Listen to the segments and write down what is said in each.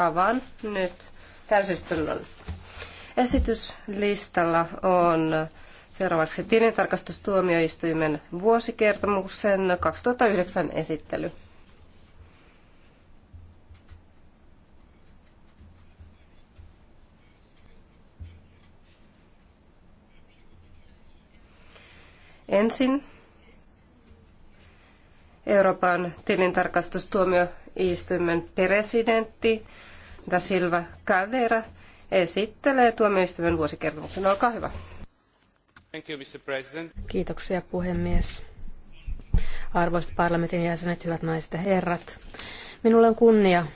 Avaan nyt täysistunnon. Esityslistalla on seuraavaksi tilintarkastustuomioistuimen vuosikertomuksen 2009 esittely. Ensin Euroopan tilintarkastustuomioistuimen presidentti da Silva Caldera esittelee tuomioistuimen vuosikertomuksen. Olkaa hyvä. Thank you, Mr. President. Kiitoksia puhemies. Arvoisat parlamentin jäsenet, hyvät naiset ja herrat. Minulla on kunnia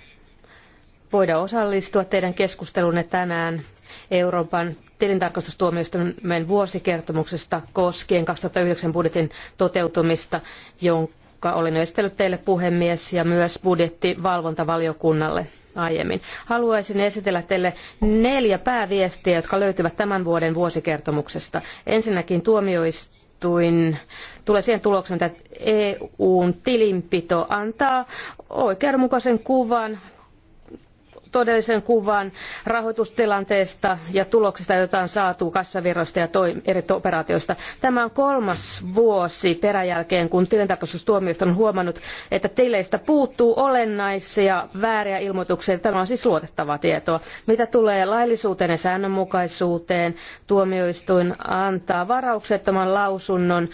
voida osallistua teidän keskustelunne tänään Euroopan tilintarkastustuomioistuimen vuosikertomuksesta koskien 2009 budjetin toteutumista, jonka olen esitellyt teille puhemies ja myös budjettivalvontavaliokunnalle aiemmin. Haluaisin esitellä teille neljä pääviestiä, jotka löytyvät tämän vuoden vuosikertomuksesta. Ensinnäkin tuomioistuin tulee siihen tulokseen, että EUn tilinpito antaa oikeudenmukaisen kuvan todellisen kuvan rahoitustilanteesta ja tuloksista, joita on saatu kassavirroista ja eri operaatioista. Tämä on kolmas vuosi peräjälkeen, kun tilintarkastustuomioista on huomannut, että tileistä puuttuu olennaisia vääriä ilmoituksia. Tämä on siis luotettavaa tietoa. Mitä tulee laillisuuteen ja säännönmukaisuuteen, tuomioistuin antaa varauksettoman lausunnon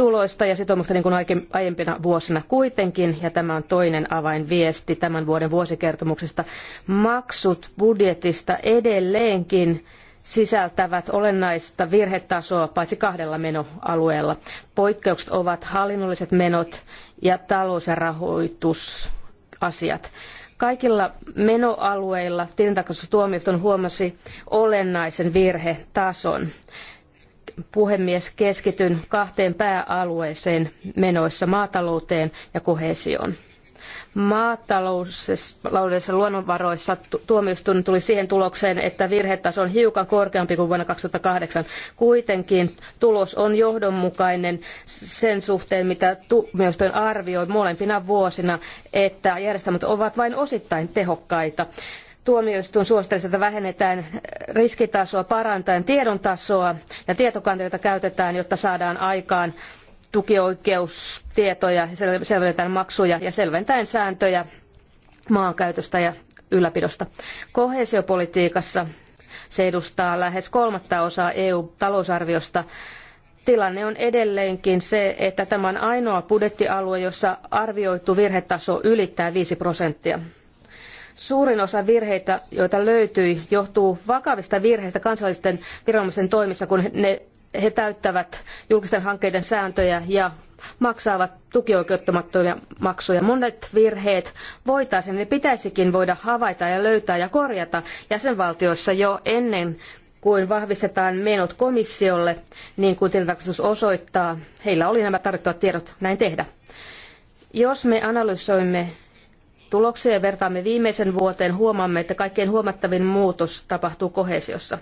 tuloista ja sitoumuksista niin kuin aiempina vuosina kuitenkin, ja tämä on toinen avainviesti tämän vuoden vuosikertomuksesta. Maksut budjetista edelleenkin sisältävät olennaista virhetasoa paitsi kahdella menoalueella. Poikkeukset ovat hallinnolliset menot ja talous- ja rahoitusasiat. Kaikilla menoalueilla tilintarkastustuomioistuin huomasi olennaisen virhetason puhemies, keskityn kahteen pääalueeseen menoissa maatalouteen ja kohesioon. Maataloudessa luonnonvaroissa tuomioistuin tuli siihen tulokseen, että virhetaso on hiukan korkeampi kuin vuonna 2008. Kuitenkin tulos on johdonmukainen sen suhteen, mitä tuomioistuin arvioi molempina vuosina, että järjestelmät ovat vain osittain tehokkaita tuomioistuin suosittelisi, että vähennetään riskitasoa parantaen tiedon tasoa ja tietokantoja, käytetään, jotta saadaan aikaan tukioikeustietoja, selvennetään maksuja ja selventäen sääntöjä maankäytöstä ja ylläpidosta. Koheesiopolitiikassa se edustaa lähes kolmatta osaa EU-talousarviosta. Tilanne on edelleenkin se, että tämä on ainoa budjettialue, jossa arvioitu virhetaso ylittää viisi prosenttia. Suurin osa virheitä, joita löytyi, johtuu vakavista virheistä kansallisten viranomaisten toimissa, kun ne, he täyttävät julkisten hankkeiden sääntöjä ja maksavat tukioikeuttamattomia maksuja. Monet virheet voitaisiin, ne pitäisikin voida havaita ja löytää ja korjata jäsenvaltioissa jo ennen kuin vahvistetaan menot komissiolle, niin kuin tilintarkastus osoittaa. Heillä oli nämä tarvittavat tiedot näin tehdä. Jos me analysoimme tuloksia ja vertaamme viimeisen vuoteen, huomaamme, että kaikkein huomattavin muutos tapahtuu kohesiossa.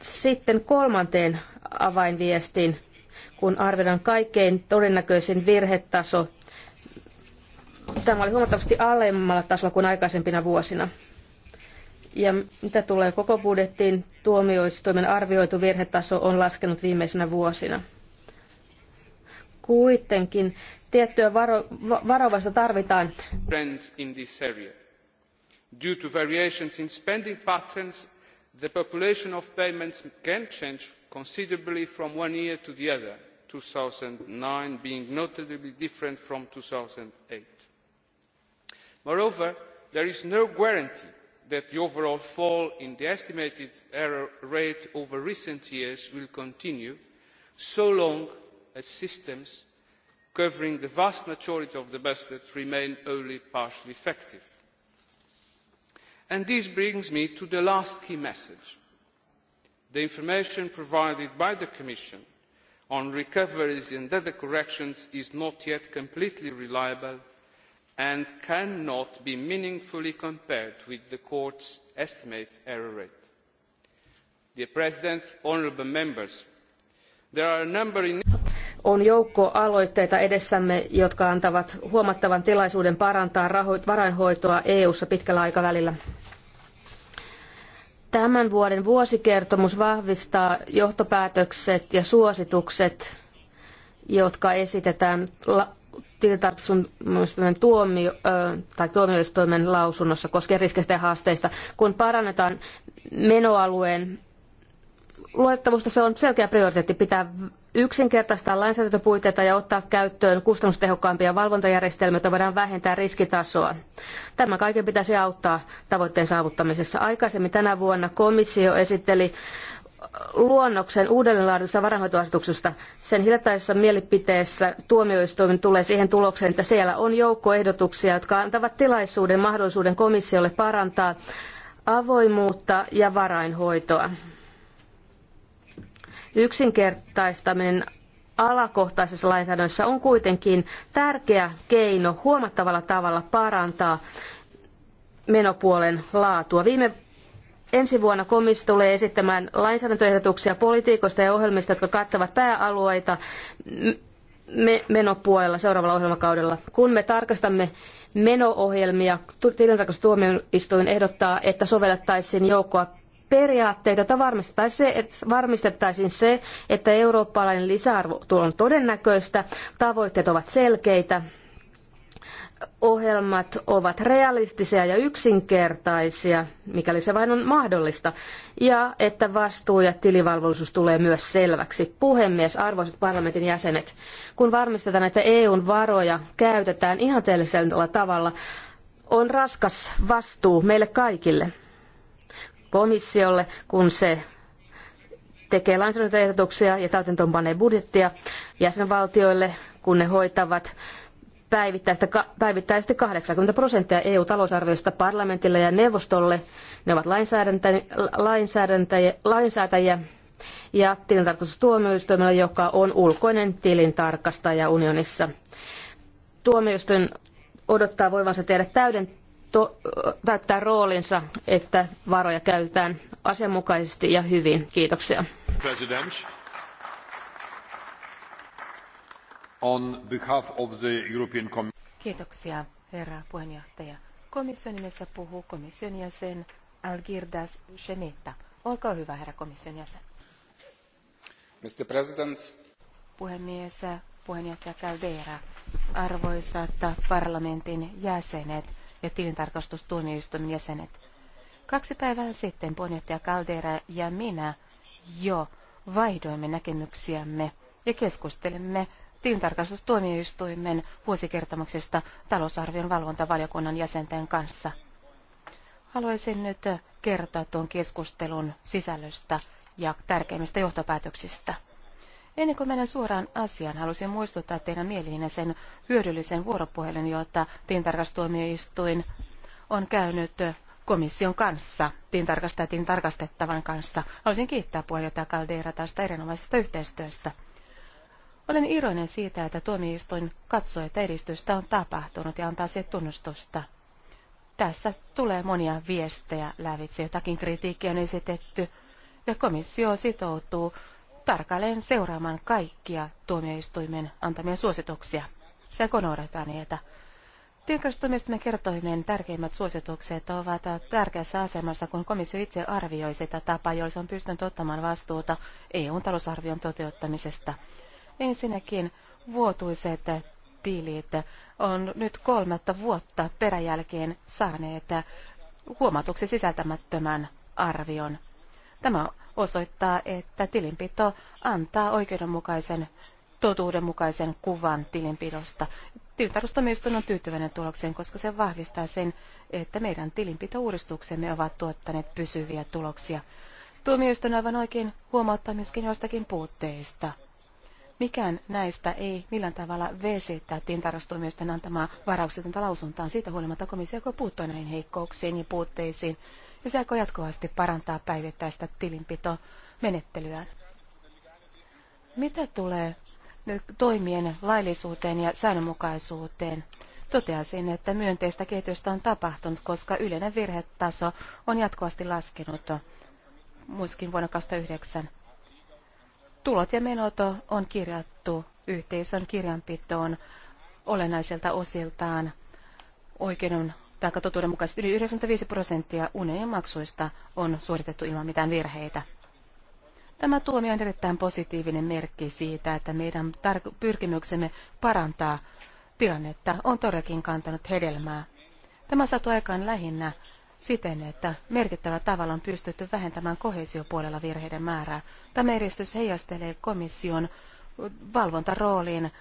Sitten kolmanteen avainviestiin, kun arvioidaan kaikkein todennäköisin virhetaso. Tämä oli huomattavasti alemmalla tasolla kuin aikaisempina vuosina. Ja mitä tulee koko budjettiin, tuomioistuimen arvioitu virhetaso on laskenut viimeisenä vuosina. Kuitenkin tiettyä varo, varovaista tarvitaan. Due to variations in spending patterns, the population of payments can change considerably from one year to the other, 2009 being notably different from 2008. Moreover, there is no guarantee that the overall fall in the estimated error rate over recent years will continue so long as systems covering the vast majority of the bestets remain only partially effective. this brings me to the last key message the information provided by the commission on recoveries and other corrections is not yet completely reliable and cannot be meaningfully compared with the court's estimated error rate. there are a number on joukko aloitteita edessämme, jotka antavat huomattavan tilaisuuden parantaa rahoit- varainhoitoa EU-ssa pitkällä aikavälillä. Tämän vuoden vuosikertomus vahvistaa johtopäätökset ja suositukset, jotka esitetään la- tuomio, tai tuomioistuimen lausunnossa koskien riskeistä ja haasteista, kun parannetaan menoalueen luottamusta, se on selkeä prioriteetti pitää yksinkertaistaa lainsäädäntöpuitteita ja ottaa käyttöön kustannustehokkaampia valvontajärjestelmiä, jotta voidaan vähentää riskitasoa. Tämä kaiken pitäisi auttaa tavoitteen saavuttamisessa. Aikaisemmin tänä vuonna komissio esitteli luonnoksen uudelleenlaadusta varainhoitoasetuksesta. Sen hiljattaisessa mielipiteessä tuomioistuin tulee siihen tulokseen, että siellä on joukko ehdotuksia, jotka antavat tilaisuuden mahdollisuuden komissiolle parantaa avoimuutta ja varainhoitoa. Yksinkertaistaminen alakohtaisessa lainsäädännössä on kuitenkin tärkeä keino huomattavalla tavalla parantaa menopuolen laatua. Viime Ensi vuonna komissio tulee esittämään lainsäädäntöehdotuksia politiikoista ja ohjelmista, jotka kattavat pääalueita menopuolella seuraavalla ohjelmakaudella. Kun me tarkastamme menoohjelmia, tilintarkastustuomioistuin ehdottaa, että sovellettaisiin joukkoa periaatteita, jotta varmistettaisiin se, että, varmistettaisiin se, että eurooppalainen lisäarvo on todennäköistä, tavoitteet ovat selkeitä, ohjelmat ovat realistisia ja yksinkertaisia, mikäli se vain on mahdollista, ja että vastuu ja tilivalvollisuus tulee myös selväksi. Puhemies, arvoisat parlamentin jäsenet, kun varmistetaan, että EUn varoja käytetään ihanteellisella tavalla, on raskas vastuu meille kaikille komissiolle, kun se tekee lainsäädäntöehdotuksia ja täytäntöönpanee budjettia jäsenvaltioille, kun ne hoitavat päivittäistä, päivittäistä 80 prosenttia EU-talousarviosta parlamentille ja neuvostolle. Ne ovat lainsäädäntäjä, lainsäätäjiä ja tilintarkastustuomioistuimella, joka on ulkoinen tilintarkastaja unionissa. Tuomioistuin odottaa voivansa tehdä täyden to- täyttää roolinsa, että varoja käytetään asianmukaisesti ja hyvin. Kiitoksia. President. On behalf of the European Kiitoksia, herra puheenjohtaja. Komission nimessä puhuu komission jäsen Algirdas Shemeta. Olkaa hyvä, herra komission jäsen. Mr. President. Puhemies, puheenjohtaja Caldera, arvoisat parlamentin jäsenet, ja tilintarkastustuomioistuimen jäsenet. Kaksi päivää sitten puheenjohtaja Caldera ja minä jo vaihdoimme näkemyksiämme ja keskustelimme tilintarkastustuomioistuimen vuosikertomuksesta talousarvion valvontavaliokunnan jäsenten kanssa. Haluaisin nyt kertoa tuon keskustelun sisällöstä ja tärkeimmistä johtopäätöksistä. Ennen kuin menen suoraan asiaan, halusin muistuttaa teidän mieliinne sen hyödyllisen vuoropuhelun, jota tintarkastuomioistuin on käynyt komission kanssa, tintarkastajatin tarkastettavan kanssa. Haluaisin kiittää puheenjohtaja Caldeira tästä erinomaisesta yhteistyöstä. Olen iloinen siitä, että tuomioistuin katsoi, että edistystä on tapahtunut ja antaa siihen tunnustusta. Tässä tulee monia viestejä lävitse, jotakin kritiikkiä on esitetty, ja komissio sitoutuu tarkalleen seuraamaan kaikkia tuomioistuimen antamia suosituksia. Sekä noudatetaan niitä. Tilintarkastustoimistamme kertoimien tärkeimmät suositukset ovat tärkeässä asemassa, kun komissio itse arvioi sitä tapaa, jolla se on pystynyt ottamaan vastuuta eu talousarvion toteuttamisesta. Ensinnäkin vuotuiset tilit on nyt kolmatta vuotta peräjälkeen saaneet huomatuksi sisältämättömän arvion. Tämä osoittaa, että tilinpito antaa oikeudenmukaisen, totuudenmukaisen kuvan tilinpidosta. Tilintarkastustoimistoon on tyytyväinen tulokseen, koska se vahvistaa sen, että meidän tilinpitouudistuksemme ovat tuottaneet pysyviä tuloksia. Tuomioistuin aivan oikein huomauttaa myöskin joistakin puutteista. Mikään näistä ei millään tavalla vesittää tilintarkastustoimistoon antamaa varauksetonta lausuntaan. Siitä huolimatta komissio puuttui näihin heikkouksiin ja puutteisiin ja se aikoo jatkuvasti parantaa päivittäistä tilinpitomenettelyään. Mitä tulee toimien laillisuuteen ja säännönmukaisuuteen? Toteasin, että myönteistä kehitystä on tapahtunut, koska yleinen virhetaso on jatkuvasti laskenut, muskin vuonna 2009. Tulot ja menot on kirjattu yhteisön kirjanpitoon olennaisilta osiltaan oikeuden taikka totuudenmukaisesti yli 95 prosenttia unien maksuista on suoritettu ilman mitään virheitä. Tämä tuomio on erittäin positiivinen merkki siitä, että meidän pyrkimyksemme parantaa tilannetta on todellakin kantanut hedelmää. Tämä saatu aikaan lähinnä siten, että merkittävällä tavalla on pystytty vähentämään kohesiopuolella virheiden määrää. Tämä edistys heijastelee komission valvontarooliin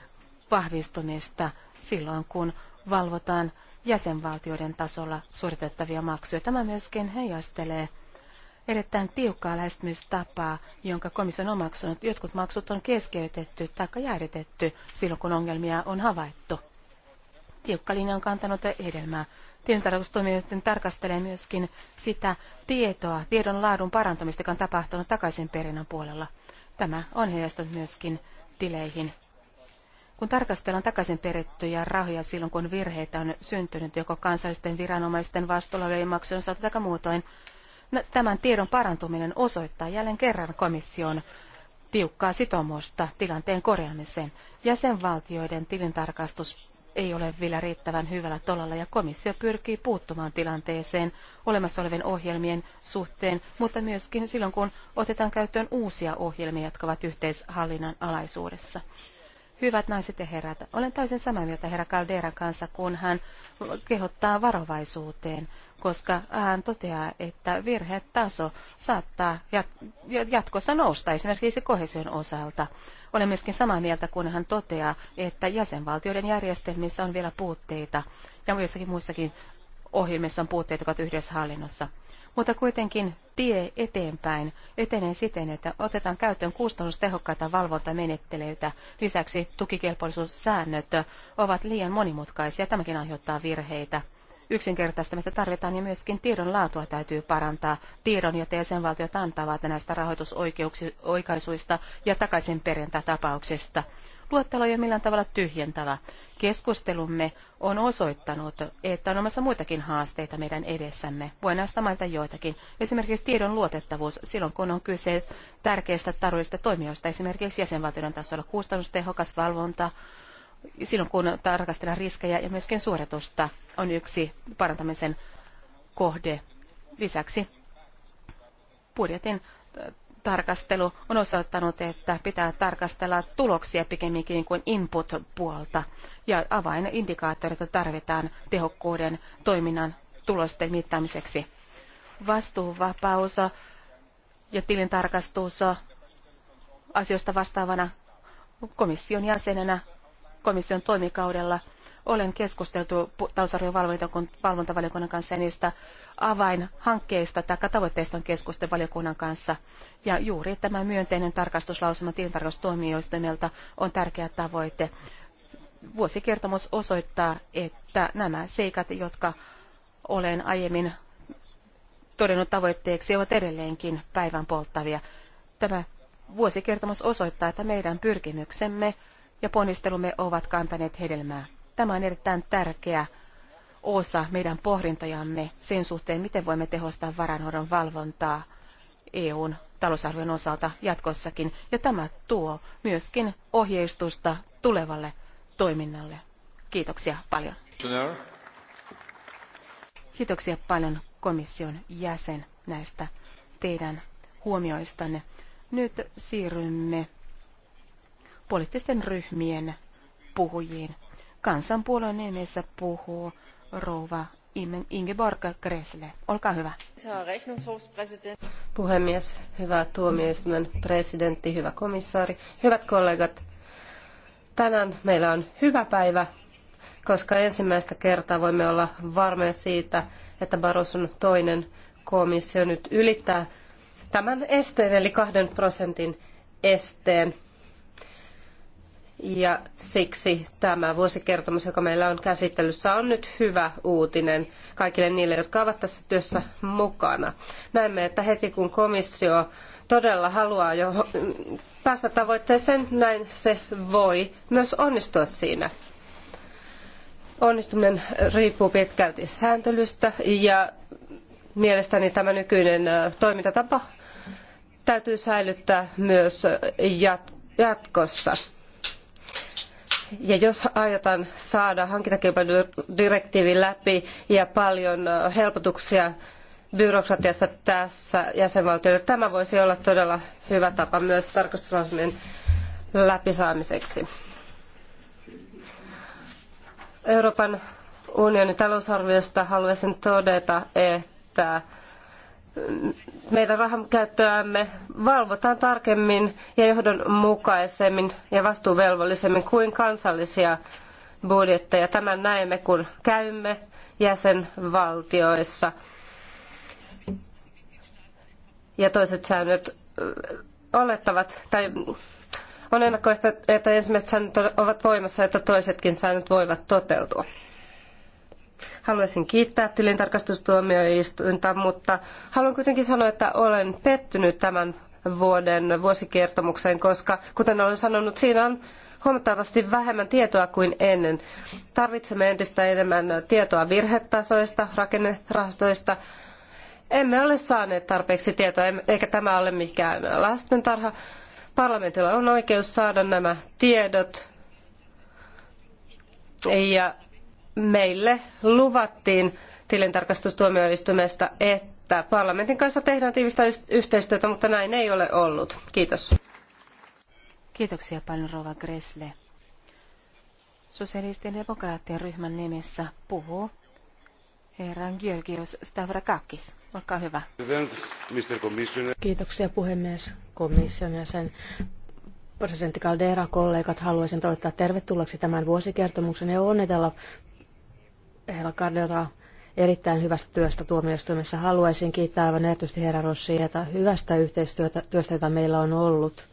vahvistumista silloin, kun valvotaan jäsenvaltioiden tasolla suoritettavia maksuja. Tämä myöskin heijastelee erittäin tiukkaa lähestymistapaa, jonka komissio on omaksunut. Jotkut maksut on keskeytetty tai jäädytetty silloin, kun ongelmia on havaittu. Tiukka linja on kantanut hedelmää. Tilintarkastustoimijoiden tarkastelee myöskin sitä tietoa, tiedon laadun parantamista, joka on tapahtunut takaisin perinnän puolella. Tämä on heijastunut myöskin tileihin kun tarkastellaan takaisin perittyjä rahoja silloin, kun virheitä on syntynyt joko kansallisten viranomaisten vastuulla ei maksun osalta tai muutoin, no, tämän tiedon parantuminen osoittaa jälleen kerran komission tiukkaa sitoumusta tilanteen korjaamiseen. Jäsenvaltioiden tilintarkastus ei ole vielä riittävän hyvällä tolalla ja komissio pyrkii puuttumaan tilanteeseen olemassa olevien ohjelmien suhteen, mutta myöskin silloin, kun otetaan käyttöön uusia ohjelmia, jotka ovat yhteishallinnan alaisuudessa. Hyvät naiset ja herrat, olen täysin samaa mieltä herra Calderan kanssa, kun hän kehottaa varovaisuuteen, koska hän toteaa, että virhetaso saattaa jatkossa nousta esimerkiksi kohesion osalta. Olen myöskin samaa mieltä, kun hän toteaa, että jäsenvaltioiden järjestelmissä on vielä puutteita ja joissakin muissakin ohjelmissa on puutteita, jotka ovat yhdessä hallinnossa mutta kuitenkin tie eteenpäin etenee siten, että otetaan käyttöön kustannustehokkaita valvontamenettelyitä. Lisäksi tukikelpoisuussäännöt ovat liian monimutkaisia. Tämäkin aiheuttaa virheitä. Yksinkertaistamista tarvitaan ja myöskin tiedon laatua täytyy parantaa. Tiedon, jota jäsenvaltiot antavat näistä rahoitusoikaisuista ja takaisinperintätapauksista luettelo ei ole millään tavalla tyhjentävä. Keskustelumme on osoittanut, että on olemassa muitakin haasteita meidän edessämme. Voin näistä mainita joitakin. Esimerkiksi tiedon luotettavuus silloin, kun on kyse tärkeistä taloudellisista toimijoista, esimerkiksi jäsenvaltioiden tasolla kustannustehokas valvonta, silloin kun tarkastellaan riskejä ja myöskin suoritusta on yksi parantamisen kohde. Lisäksi budjetin tarkastelu on osoittanut, että pitää tarkastella tuloksia pikemminkin kuin input-puolta. Ja avainindikaattoreita tarvitaan tehokkuuden toiminnan tulosten mittaamiseksi. Vastuuvapaus ja tilintarkastus asioista vastaavana komission jäsenenä komission toimikaudella olen keskusteltu talousarvion valvontavaliokunnan kanssa ja niistä avainhankkeista tai tavoitteista on keskusten valiokunnan kanssa. Ja juuri tämä myönteinen tarkastuslausuma tilintarkastustuomioistuimelta on tärkeä tavoite. Vuosikertomus osoittaa, että nämä seikat, jotka olen aiemmin todennut tavoitteeksi, ovat edelleenkin päivän polttavia. Tämä vuosikertomus osoittaa, että meidän pyrkimyksemme ja ponnistelumme ovat kantaneet hedelmää. Tämä on erittäin tärkeä osa meidän pohdintajamme sen suhteen, miten voimme tehostaa varanhoidon valvontaa EUn talousarvion osalta jatkossakin. Ja tämä tuo myöskin ohjeistusta tulevalle toiminnalle. Kiitoksia paljon. Kiitoksia paljon komission jäsen näistä teidän huomioistanne. Nyt siirrymme poliittisten ryhmien puhujiin. Kansanpuolueen nimessä puhuu rouva Ingeborg Gressle. Olkaa hyvä. Puhemies, hyvä tuomioistuimen presidentti, hyvä komissaari, hyvät kollegat. Tänään meillä on hyvä päivä, koska ensimmäistä kertaa voimme olla varmoja siitä, että Barroson toinen komissio nyt ylittää tämän esteen, eli kahden prosentin esteen ja siksi tämä vuosikertomus, joka meillä on käsittelyssä, on nyt hyvä uutinen kaikille niille, jotka ovat tässä työssä mukana. Näemme, että heti kun komissio todella haluaa jo päästä tavoitteeseen, näin se voi myös onnistua siinä. Onnistuminen riippuu pitkälti sääntelystä ja mielestäni tämä nykyinen toimintatapa täytyy säilyttää myös jatkossa. Ja jos aiotaan saada hankintakilpailudirektiivi läpi ja paljon helpotuksia byrokratiassa tässä jäsenvaltioille, tämä voisi olla todella hyvä tapa myös läpi läpisaamiseksi. Euroopan unionin talousarviosta haluaisin todeta, että meidän rahan käyttöämme valvotaan tarkemmin ja johdonmukaisemmin ja vastuuvelvollisemmin kuin kansallisia budjetteja. Tämän näemme, kun käymme jäsenvaltioissa. Ja toiset säännöt olettavat, tai on ennakko, että, että ensimmäiset säännöt ovat voimassa, että toisetkin säännöt voivat toteutua. Haluaisin kiittää tilintarkastustuomioistuinta, mutta haluan kuitenkin sanoa, että olen pettynyt tämän vuoden vuosikertomukseen, koska kuten olen sanonut, siinä on huomattavasti vähemmän tietoa kuin ennen. Tarvitsemme entistä enemmän tietoa virhetasoista, rakennerahastoista. Emme ole saaneet tarpeeksi tietoa, eikä tämä ole mikään lastentarha. Parlamentilla on oikeus saada nämä tiedot. Ja meille luvattiin tilintarkastustuomioistuimesta, että parlamentin kanssa tehdään tiivistä yhteistyötä, mutta näin ei ole ollut. Kiitos. Kiitoksia paljon Rova Gressle. Sosialistien demokraattien ryhmän nimessä puhuu herran Georgios Stavrakakis. Olkaa hyvä. Kiitoksia puhemies komission ja sen presidentti Caldera, kollegat, haluaisin toivottaa tervetulleeksi tämän vuosikertomuksen ja onnitella Hela Kardera erittäin hyvästä työstä tuomioistuimessa. Haluaisin kiittää aivan erityisesti herra Rossieta hyvästä yhteistyötä, työstä, jota meillä on ollut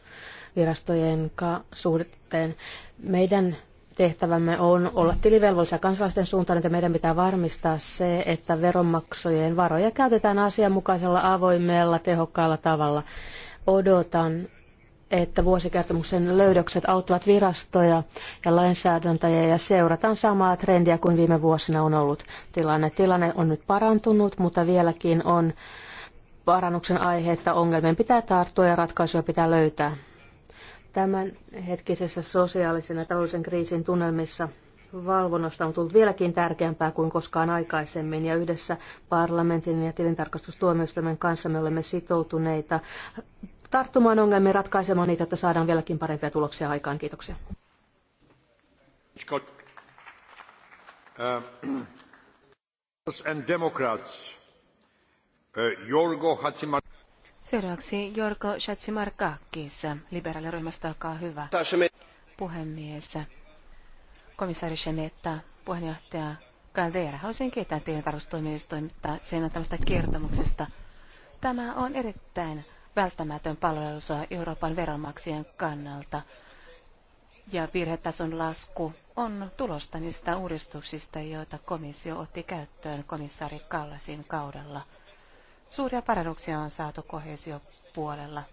virastojen suhteen. Meidän tehtävämme on olla tilivelvollisia kansalaisten suuntaan, että meidän pitää varmistaa se, että veronmaksojen varoja käytetään asianmukaisella, avoimella, tehokkaalla tavalla. Odotan että vuosikertomuksen löydökset auttavat virastoja ja lainsäädäntäjä ja seurataan samaa trendiä kuin viime vuosina on ollut tilanne. Tilanne on nyt parantunut, mutta vieläkin on parannuksen aihe, että ongelmien pitää tarttua ja ratkaisuja pitää löytää. Tämän hetkisessä sosiaalisen ja taloudellisen kriisin tunnelmissa valvonnosta on tullut vieläkin tärkeämpää kuin koskaan aikaisemmin ja yhdessä parlamentin ja tilintarkastustuomioistuimen kanssa me olemme sitoutuneita tarttumaan ongelmiin, ratkaisemaan niitä, että saadaan vieläkin parempia tuloksia aikaan. Kiitoksia. Uh, uh, Seuraavaksi Jorgo Schatzimarkakis, liberaaliryhmästä, alkaa hyvä. Puhemies, komissaari Schemetta, puheenjohtaja Caldera, haluaisin kiittää tilintarkastustoimistoimintaa sen antamasta kertomuksesta. Tämä on erittäin välttämätön palvelus Euroopan veronmaksajien kannalta. Ja virhetason lasku on tulosta niistä uudistuksista, joita komissio otti käyttöön komissaari Kallasin kaudella. Suuria parannuksia on saatu kohesiopuolella,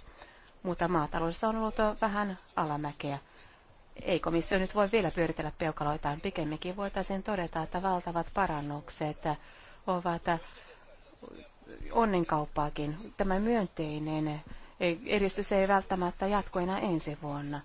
mutta maataloudessa on ollut vähän alamäkeä. Ei komissio nyt voi vielä pyöritellä peukaloitaan. Pikemminkin voitaisiin todeta, että valtavat parannukset ovat onnenkauppaakin. Tämä myönteinen edistys ei välttämättä jatku enää ensi vuonna.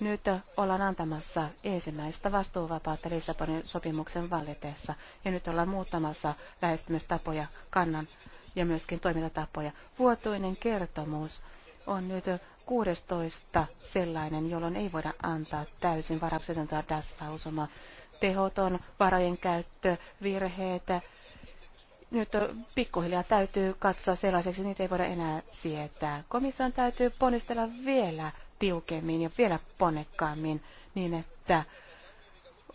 Nyt ollaan antamassa ensimmäistä vastuuvapautta Lissabonin sopimuksen valitessa, ja nyt ollaan muuttamassa lähestymistapoja, kannan ja myöskin toimintatapoja. Vuotuinen kertomus on nyt 16 sellainen, jolloin ei voida antaa täysin varauksetonta DAS-lausumaa. Tehoton varojen käyttö, virheet, nyt pikkuhiljaa täytyy katsoa sellaiseksi, niitä ei voida enää sietää. Komission täytyy ponnistella vielä tiukemmin ja vielä ponnekkaammin niin, että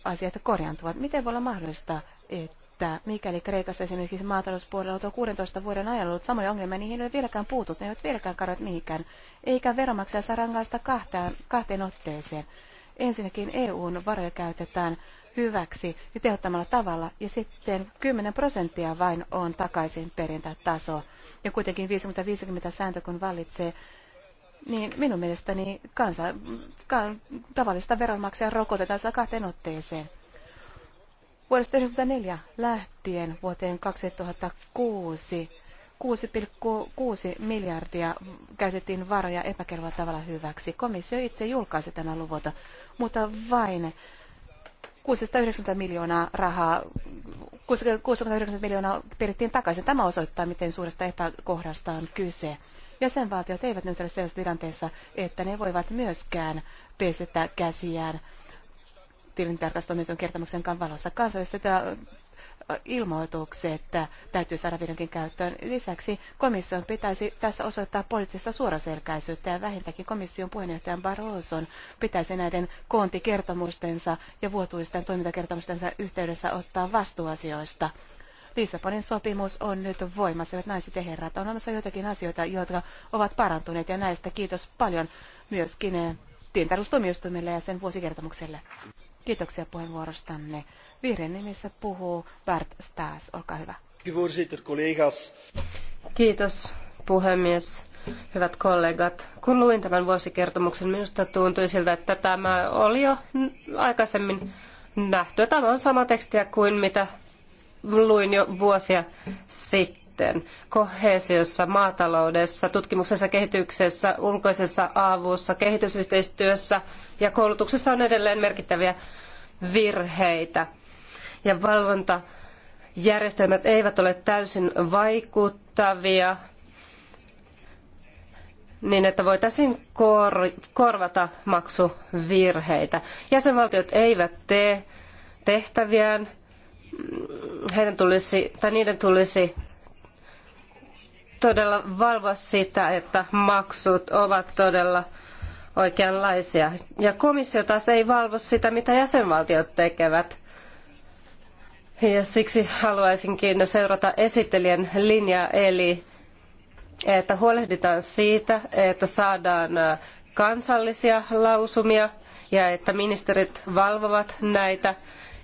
asiat korjantuvat. Miten voi olla mahdollista, että mikäli Kreikassa esimerkiksi maatalouspuolella on 16 vuoden ajan ollut samoja ongelmia, niihin ei ole vieläkään puutut, ne eivät vieläkään karat mihinkään, eikä veromaksaja saa rangaista kahteen, kahteen otteeseen. Ensinnäkin EUn varoja käytetään hyväksi ja tehottamalla tavalla, ja sitten 10 prosenttia vain on takaisin perintätaso. Ja kuitenkin 50-50 sääntö kun vallitsee, niin minun mielestäni kansa, ka, tavallista veronmaksajaa rokotetaan saa kahteen otteeseen. Vuodesta 1994 lähtien vuoteen 2006 6,6 miljardia käytettiin varoja epäkelvolla tavalla hyväksi. Komissio itse julkaisi tämän luvota, mutta vain 690 miljoonaa rahaa 690 miljoonaa perittiin takaisin. Tämä osoittaa, miten suuresta epäkohdasta on kyse. Jäsenvaltiot eivät nyt ole sellaisessa tilanteessa, että ne voivat myöskään pesetä käsiään tilintarkastustoimiston kertomuksen valossa. Kansalliset ilmoitukset täytyy saada vihdoinkin käyttöön. Lisäksi komission pitäisi tässä osoittaa poliittista suoraselkäisyyttä ja vähintäänkin komission puheenjohtajan Barroson pitäisi näiden koontikertomustensa ja vuotuisten toimintakertomustensa yhteydessä ottaa vastuuasioista. Lissabonin sopimus on nyt voimassa, hyvät naiset ja herrat. On olemassa joitakin asioita, jotka ovat parantuneet ja näistä kiitos paljon myöskin eh, tientarustuomioistuimelle ja sen vuosikertomukselle. Kiitoksia puheenvuorostanne. Vihreän nimissä puhuu Bart Stas. Olkaa hyvä. Kiitos puhemies. Hyvät kollegat, kun luin tämän vuosikertomuksen, minusta tuntui siltä, että tämä oli jo aikaisemmin nähty. Tämä on sama tekstiä kuin mitä luin jo vuosia sitten yhteen. Koheesiossa, maataloudessa, tutkimuksessa, kehityksessä, ulkoisessa avussa, kehitysyhteistyössä ja koulutuksessa on edelleen merkittäviä virheitä. Ja valvontajärjestelmät eivät ole täysin vaikuttavia niin, että voitaisiin korvata maksuvirheitä. Jäsenvaltiot eivät tee tehtäviään, heidän tulisi, tai niiden tulisi todella valvoa sitä, että maksut ovat todella oikeanlaisia. Ja komissio taas ei valvo sitä, mitä jäsenvaltiot tekevät. Ja siksi haluaisinkin seurata esittelijän linjaa, eli että huolehditaan siitä, että saadaan kansallisia lausumia ja että ministerit valvovat näitä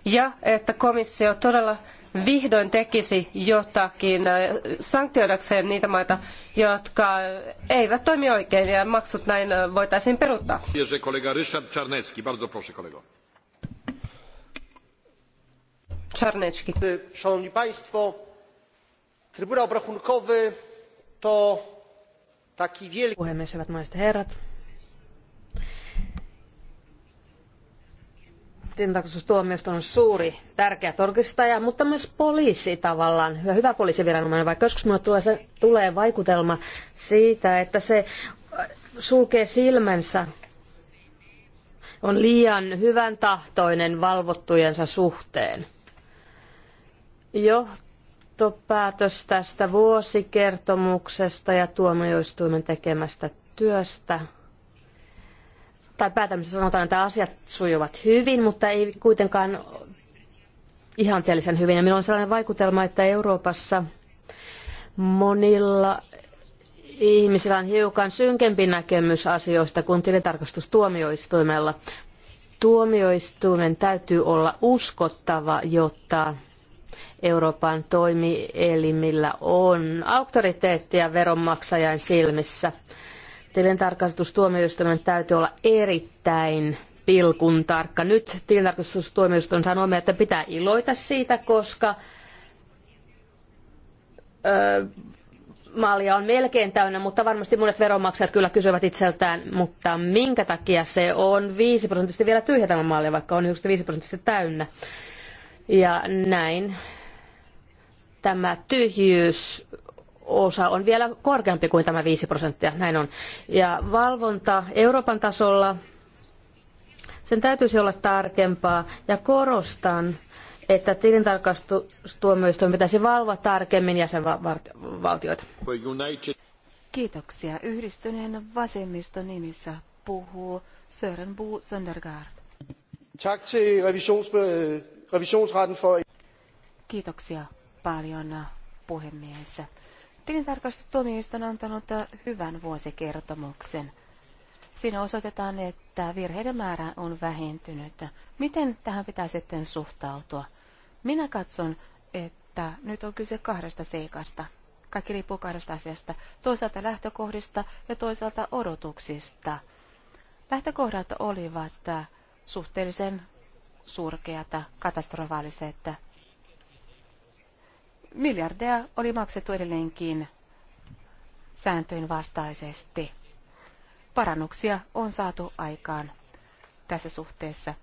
ja että komissio todella vihdoin tekisi jotakin äh, sanktioidakseen niitä maita, jotka eivät toimi oikein ja maksut näin äh, voitaisiin peruuttaa. kollega Ryszard Czarnecki, bardzo proszę kolego. Czarnecki. Szanowni Państwo, Trybunał Obrachunkowy to taki wielki... Puhemies, hyvät naiset herrat. tilintarkastustuomioistuin on suuri, tärkeä torkistaja, mutta myös poliisi tavallaan, hyvä, hyvä poliisiviranomainen, vaikka joskus minulle tulee, se, tulee vaikutelma siitä, että se äh, sulkee silmänsä, on liian hyvän tahtoinen valvottujensa suhteen. Johtopäätös tästä vuosikertomuksesta ja tuomioistuimen tekemästä työstä tai päätämisessä sanotaan, että asiat sujuvat hyvin, mutta ei kuitenkaan ihanteellisen hyvin. Ja minulla on sellainen vaikutelma, että Euroopassa monilla ihmisillä on hiukan synkempi näkemys asioista kuin tilintarkastustuomioistuimella. Tuomioistuimen täytyy olla uskottava, jotta Euroopan toimielimillä on auktoriteettia veronmaksajan silmissä – tilintarkastustuomioistuimen täytyy olla erittäin pilkun tarkka. Nyt tilintarkastustuomioistuin sanoo meille, että pitää iloita siitä, koska öö, maalia on melkein täynnä, mutta varmasti monet veronmaksajat kyllä kysyvät itseltään, mutta minkä takia se on 5 prosenttisesti vielä tyhjä tämä malli, vaikka on 95 prosenttisesti täynnä. Ja näin tämä tyhjyys osa on vielä korkeampi kuin tämä 5 prosenttia, näin on. Ja valvonta Euroopan tasolla, sen täytyisi olla tarkempaa ja korostan, että tilintarkastustuomioistuin pitäisi valvoa tarkemmin jäsenvaltioita. Kiitoksia. Yhdistyneen vasemmiston nimissä puhuu Sören Bu Söndergaard. Kiitoksia paljon puhemies. Tilintarkastustuomioistuin on antanut hyvän vuosikertomuksen. Siinä osoitetaan, että virheiden määrä on vähentynyt. Miten tähän pitää sitten suhtautua? Minä katson, että nyt on kyse kahdesta seikasta. Kaikki riippuu kahdesta asiasta. Toisaalta lähtökohdista ja toisaalta odotuksista. Lähtökohdat olivat suhteellisen surkeata, katastrofaaliset Miljardeja oli maksettu edelleenkin sääntöjen vastaisesti. Parannuksia on saatu aikaan tässä suhteessa.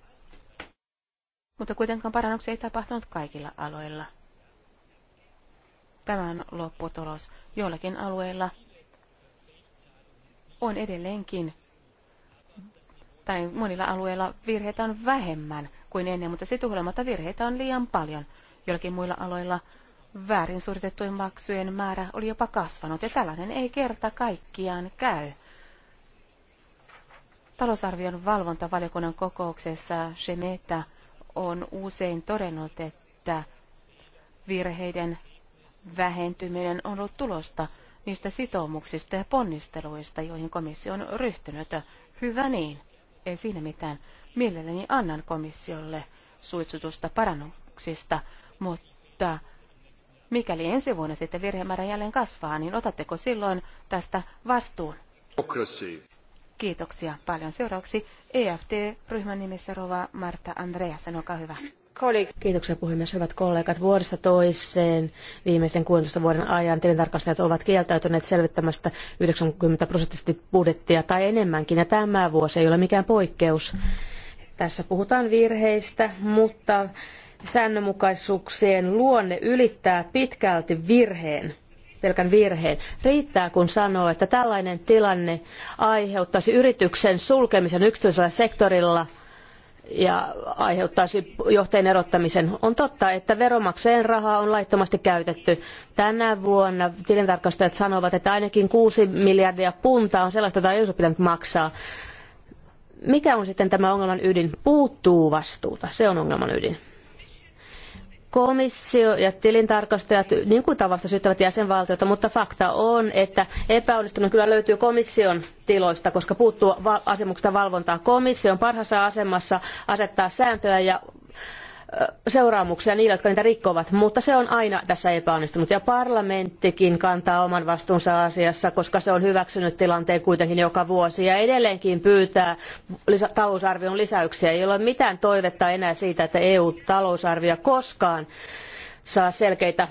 Mutta kuitenkaan parannuksia ei tapahtunut kaikilla aloilla. Tämän lopputulos joillakin alueilla on edelleenkin, tai monilla alueilla virheitä on vähemmän kuin ennen, mutta se huolimatta virheitä on liian paljon. Joillakin muilla aloilla väärin suoritettujen maksujen määrä oli jopa kasvanut, ja tällainen ei kerta kaikkiaan käy. Talousarvion valvontavaliokunnan kokouksessa Shemeta on usein todennut, että virheiden vähentyminen on ollut tulosta niistä sitoumuksista ja ponnisteluista, joihin komissio on ryhtynyt. Hyvä niin, ei siinä mitään. Mielelläni annan komissiolle suitsutusta parannuksista, mutta Mikäli ensi vuonna sitten virhemäärä jälleen kasvaa, niin otatteko silloin tästä vastuun? Kiitoksia paljon. Seuraavaksi Eft ryhmän nimissä rova Marta Andreasen, olkaa hyvä. Kiitoksia puhemies. Hyvät kollegat, vuodesta toiseen viimeisen 16 vuoden ajan tilintarkastajat ovat kieltäytyneet selvittämästä 90 prosenttisesti budjettia tai enemmänkin, ja tämä vuosi ei ole mikään poikkeus. Tässä puhutaan virheistä, mutta säännönmukaisuuksien luonne ylittää pitkälti virheen pelkän virheen. Riittää, kun sanoo, että tällainen tilanne aiheuttaisi yrityksen sulkemisen yksityisellä sektorilla ja aiheuttaisi johtajien erottamisen. On totta, että veronmaksajien rahaa on laittomasti käytetty. Tänä vuonna tilintarkastajat sanovat, että ainakin 6 miljardia puntaa on sellaista, jota ei olisi pitänyt maksaa. Mikä on sitten tämä ongelman ydin? Puuttuu vastuuta. Se on ongelman ydin. Komissio ja tilintarkastajat niin kuin tavasta syyttävät jäsenvaltioita, mutta fakta on, että epäonnistunut kyllä löytyy komission tiloista, koska puuttuu val- asemuksesta valvontaa. Komissio on parhaassa asemassa asettaa sääntöjä ja seuraamuksia niille, jotka niitä rikkovat, mutta se on aina tässä epäonnistunut. Ja parlamenttikin kantaa oman vastuunsa asiassa, koska se on hyväksynyt tilanteen kuitenkin joka vuosi ja edelleenkin pyytää lisä, talousarvion lisäyksiä. Ei ole mitään toivetta enää siitä, että EU-talousarvio koskaan saa selkeitä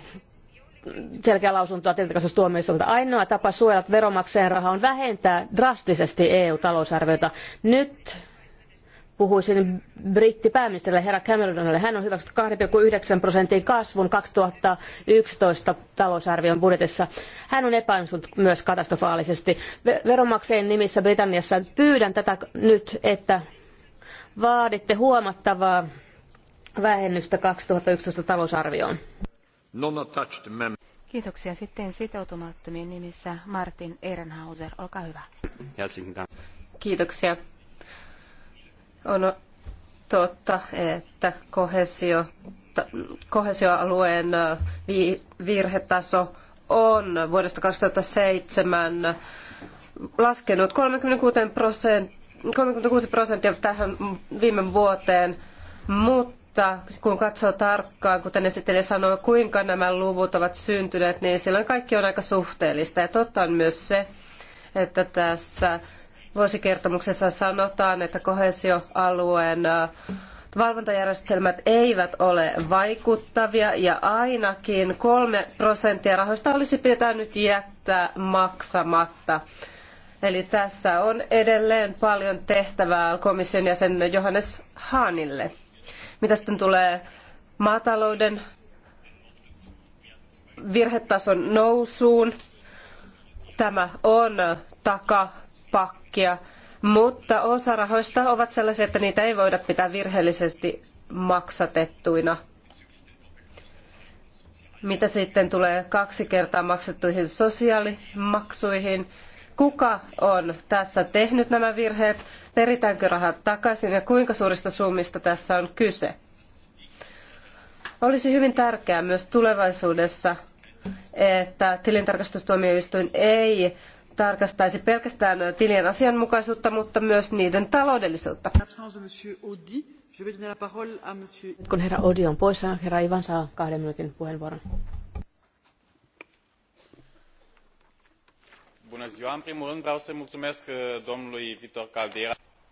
selkeä lausuntoa tilintarkastustuomioistuimelta. Ainoa tapa suojella veronmaksajan rahaa on vähentää drastisesti EU-talousarviota. Nyt puhuisin brittipääministerille herra Cameronille. Hän on hyväksynyt 2,9 prosentin kasvun 2011 talousarvion budjetissa. Hän on epäonnistunut myös katastrofaalisesti. Veronmaksajien nimissä Britanniassa pyydän tätä nyt, että vaaditte huomattavaa vähennystä 2011 talousarvioon. Kiitoksia. Sitten sitoutumattomien nimissä Martin Ehrenhauser, olkaa hyvä. Kiitoksia on totta, että kohesio, kohesioalueen virhetaso on vuodesta 2007 laskenut 36 prosenttia prosenttia tähän viime vuoteen, mutta kun katsoo tarkkaan, kuten esittelijä sanoi, kuinka nämä luvut ovat syntyneet, niin silloin kaikki on aika suhteellista. Ja totta on myös se, että tässä vuosikertomuksessa sanotaan, että kohesioalueen äh, valvontajärjestelmät eivät ole vaikuttavia ja ainakin kolme prosenttia rahoista olisi pitänyt jättää maksamatta. Eli tässä on edelleen paljon tehtävää komission jäsen Johannes Haanille. Mitä sitten tulee maatalouden virhetason nousuun, tämä on taka pakkia, mutta osa rahoista ovat sellaisia, että niitä ei voida pitää virheellisesti maksatettuina. Mitä sitten tulee kaksi kertaa maksettuihin sosiaalimaksuihin? Kuka on tässä tehnyt nämä virheet? Peritäänkö rahat takaisin ja kuinka suurista summista tässä on kyse? Olisi hyvin tärkeää myös tulevaisuudessa, että tilintarkastustuomioistuin ei tarkastaisi pelkästään tilien asianmukaisuutta, mutta myös niiden taloudellisuutta. Nyt kun herra Odi on poissa, herra Ivan saa kahden minuutin puheenvuoron. Uh,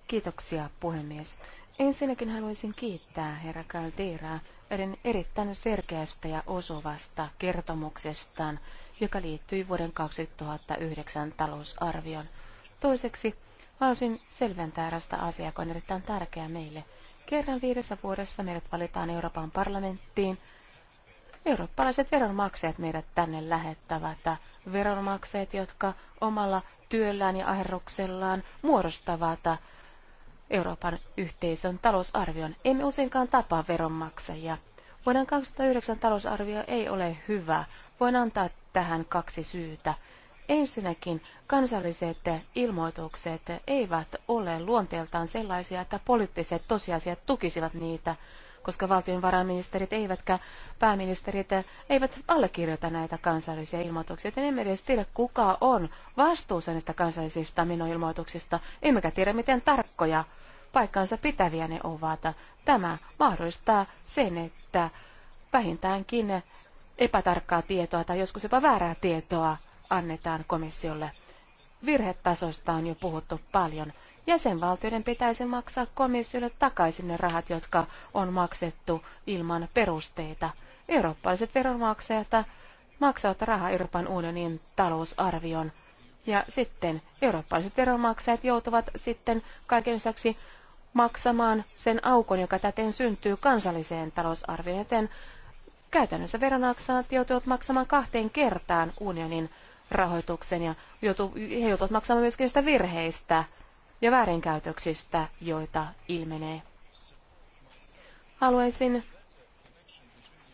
Kiitoksia, puhemies. Ensinnäkin haluaisin kiittää herra Calderaa erittäin selkeästä ja osuvasta kertomuksestaan joka liittyi vuoden 2009 talousarvioon. Toiseksi halusin selventää erästä asiaa, joka on erittäin tärkeä meille. Kerran viidessä vuodessa meidät valitaan Euroopan parlamenttiin. Eurooppalaiset veronmaksajat meidät tänne lähettävät. Veronmaksajat, jotka omalla työllään ja aherruksellaan muodostavat Euroopan yhteisön talousarvion. Emme useinkaan tapaa veronmaksajia. Vuoden 2009 talousarvio ei ole hyvä. Voin antaa tähän kaksi syytä. Ensinnäkin kansalliset ilmoitukset eivät ole luonteeltaan sellaisia, että poliittiset tosiasiat tukisivat niitä, koska valtionvarainministerit eivätkä pääministerit eivät allekirjoita näitä kansallisia ilmoituksia. En emme edes tiedä, kuka on vastuussa näistä kansallisista menoilmoituksista, emmekä tiedä, miten tarkkoja paikkansa pitäviä ne ovat. Tämä mahdollistaa sen, että vähintäänkin epätarkkaa tietoa tai joskus jopa väärää tietoa annetaan komissiolle. Virhetasosta on jo puhuttu paljon. Jäsenvaltioiden pitäisi maksaa komissiolle takaisin ne rahat, jotka on maksettu ilman perusteita. Eurooppalaiset veronmaksajat maksavat rahaa Euroopan unionin talousarvion. Ja sitten eurooppalaiset veronmaksajat joutuvat sitten kaiken lisäksi maksamaan sen aukon, joka täten syntyy kansalliseen talousarvioon, joten Käytännössä veronmaksajat joutuvat maksamaan kahteen kertaan unionin rahoituksen ja he joutuvat maksamaan myöskin niistä virheistä ja väärinkäytöksistä, joita ilmenee. Haluaisin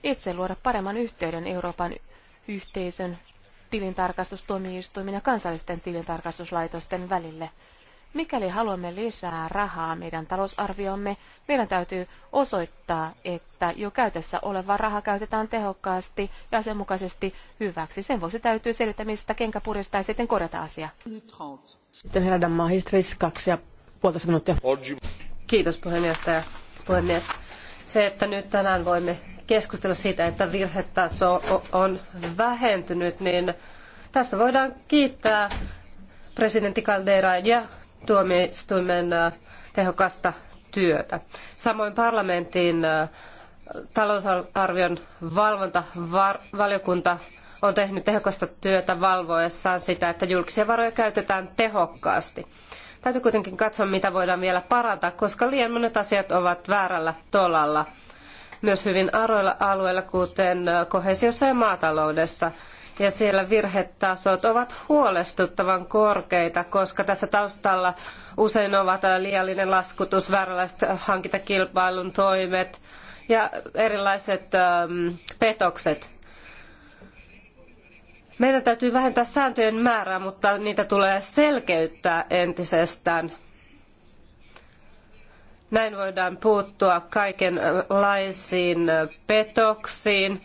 itse luoda paremman yhteyden Euroopan yhteisön tilintarkastustuomioistuimen ja kansallisten tilintarkastuslaitosten välille – Mikäli haluamme lisää rahaa meidän talousarviomme, meidän täytyy osoittaa, että jo käytössä oleva raha käytetään tehokkaasti ja asianmukaisesti hyväksi. Sen vuoksi täytyy selittää, mistä kenkä puristaa ja sitten korjata asia. Sitten herra Magistris, kaksi ja puolitoista minuuttia. Kiitos puheenjohtaja, puhemies. Se, että nyt tänään voimme keskustella siitä, että virhetaso on vähentynyt, niin tästä voidaan kiittää presidentti Caldera ja tuomioistuimen äh, tehokasta työtä. Samoin parlamentin äh, talousarvion valvontavaliokunta on tehnyt tehokasta työtä valvoessaan sitä, että julkisia varoja käytetään tehokkaasti. Täytyy kuitenkin katsoa, mitä voidaan vielä parantaa, koska liian monet asiat ovat väärällä tolalla. Myös hyvin aroilla alueilla, kuten äh, kohesiossa ja maataloudessa ja siellä virhetasot ovat huolestuttavan korkeita, koska tässä taustalla usein ovat liiallinen laskutus, vääränlaiset hankintakilpailun toimet ja erilaiset ähm, petokset. Meidän täytyy vähentää sääntöjen määrää, mutta niitä tulee selkeyttää entisestään. Näin voidaan puuttua kaikenlaisiin äh, petoksiin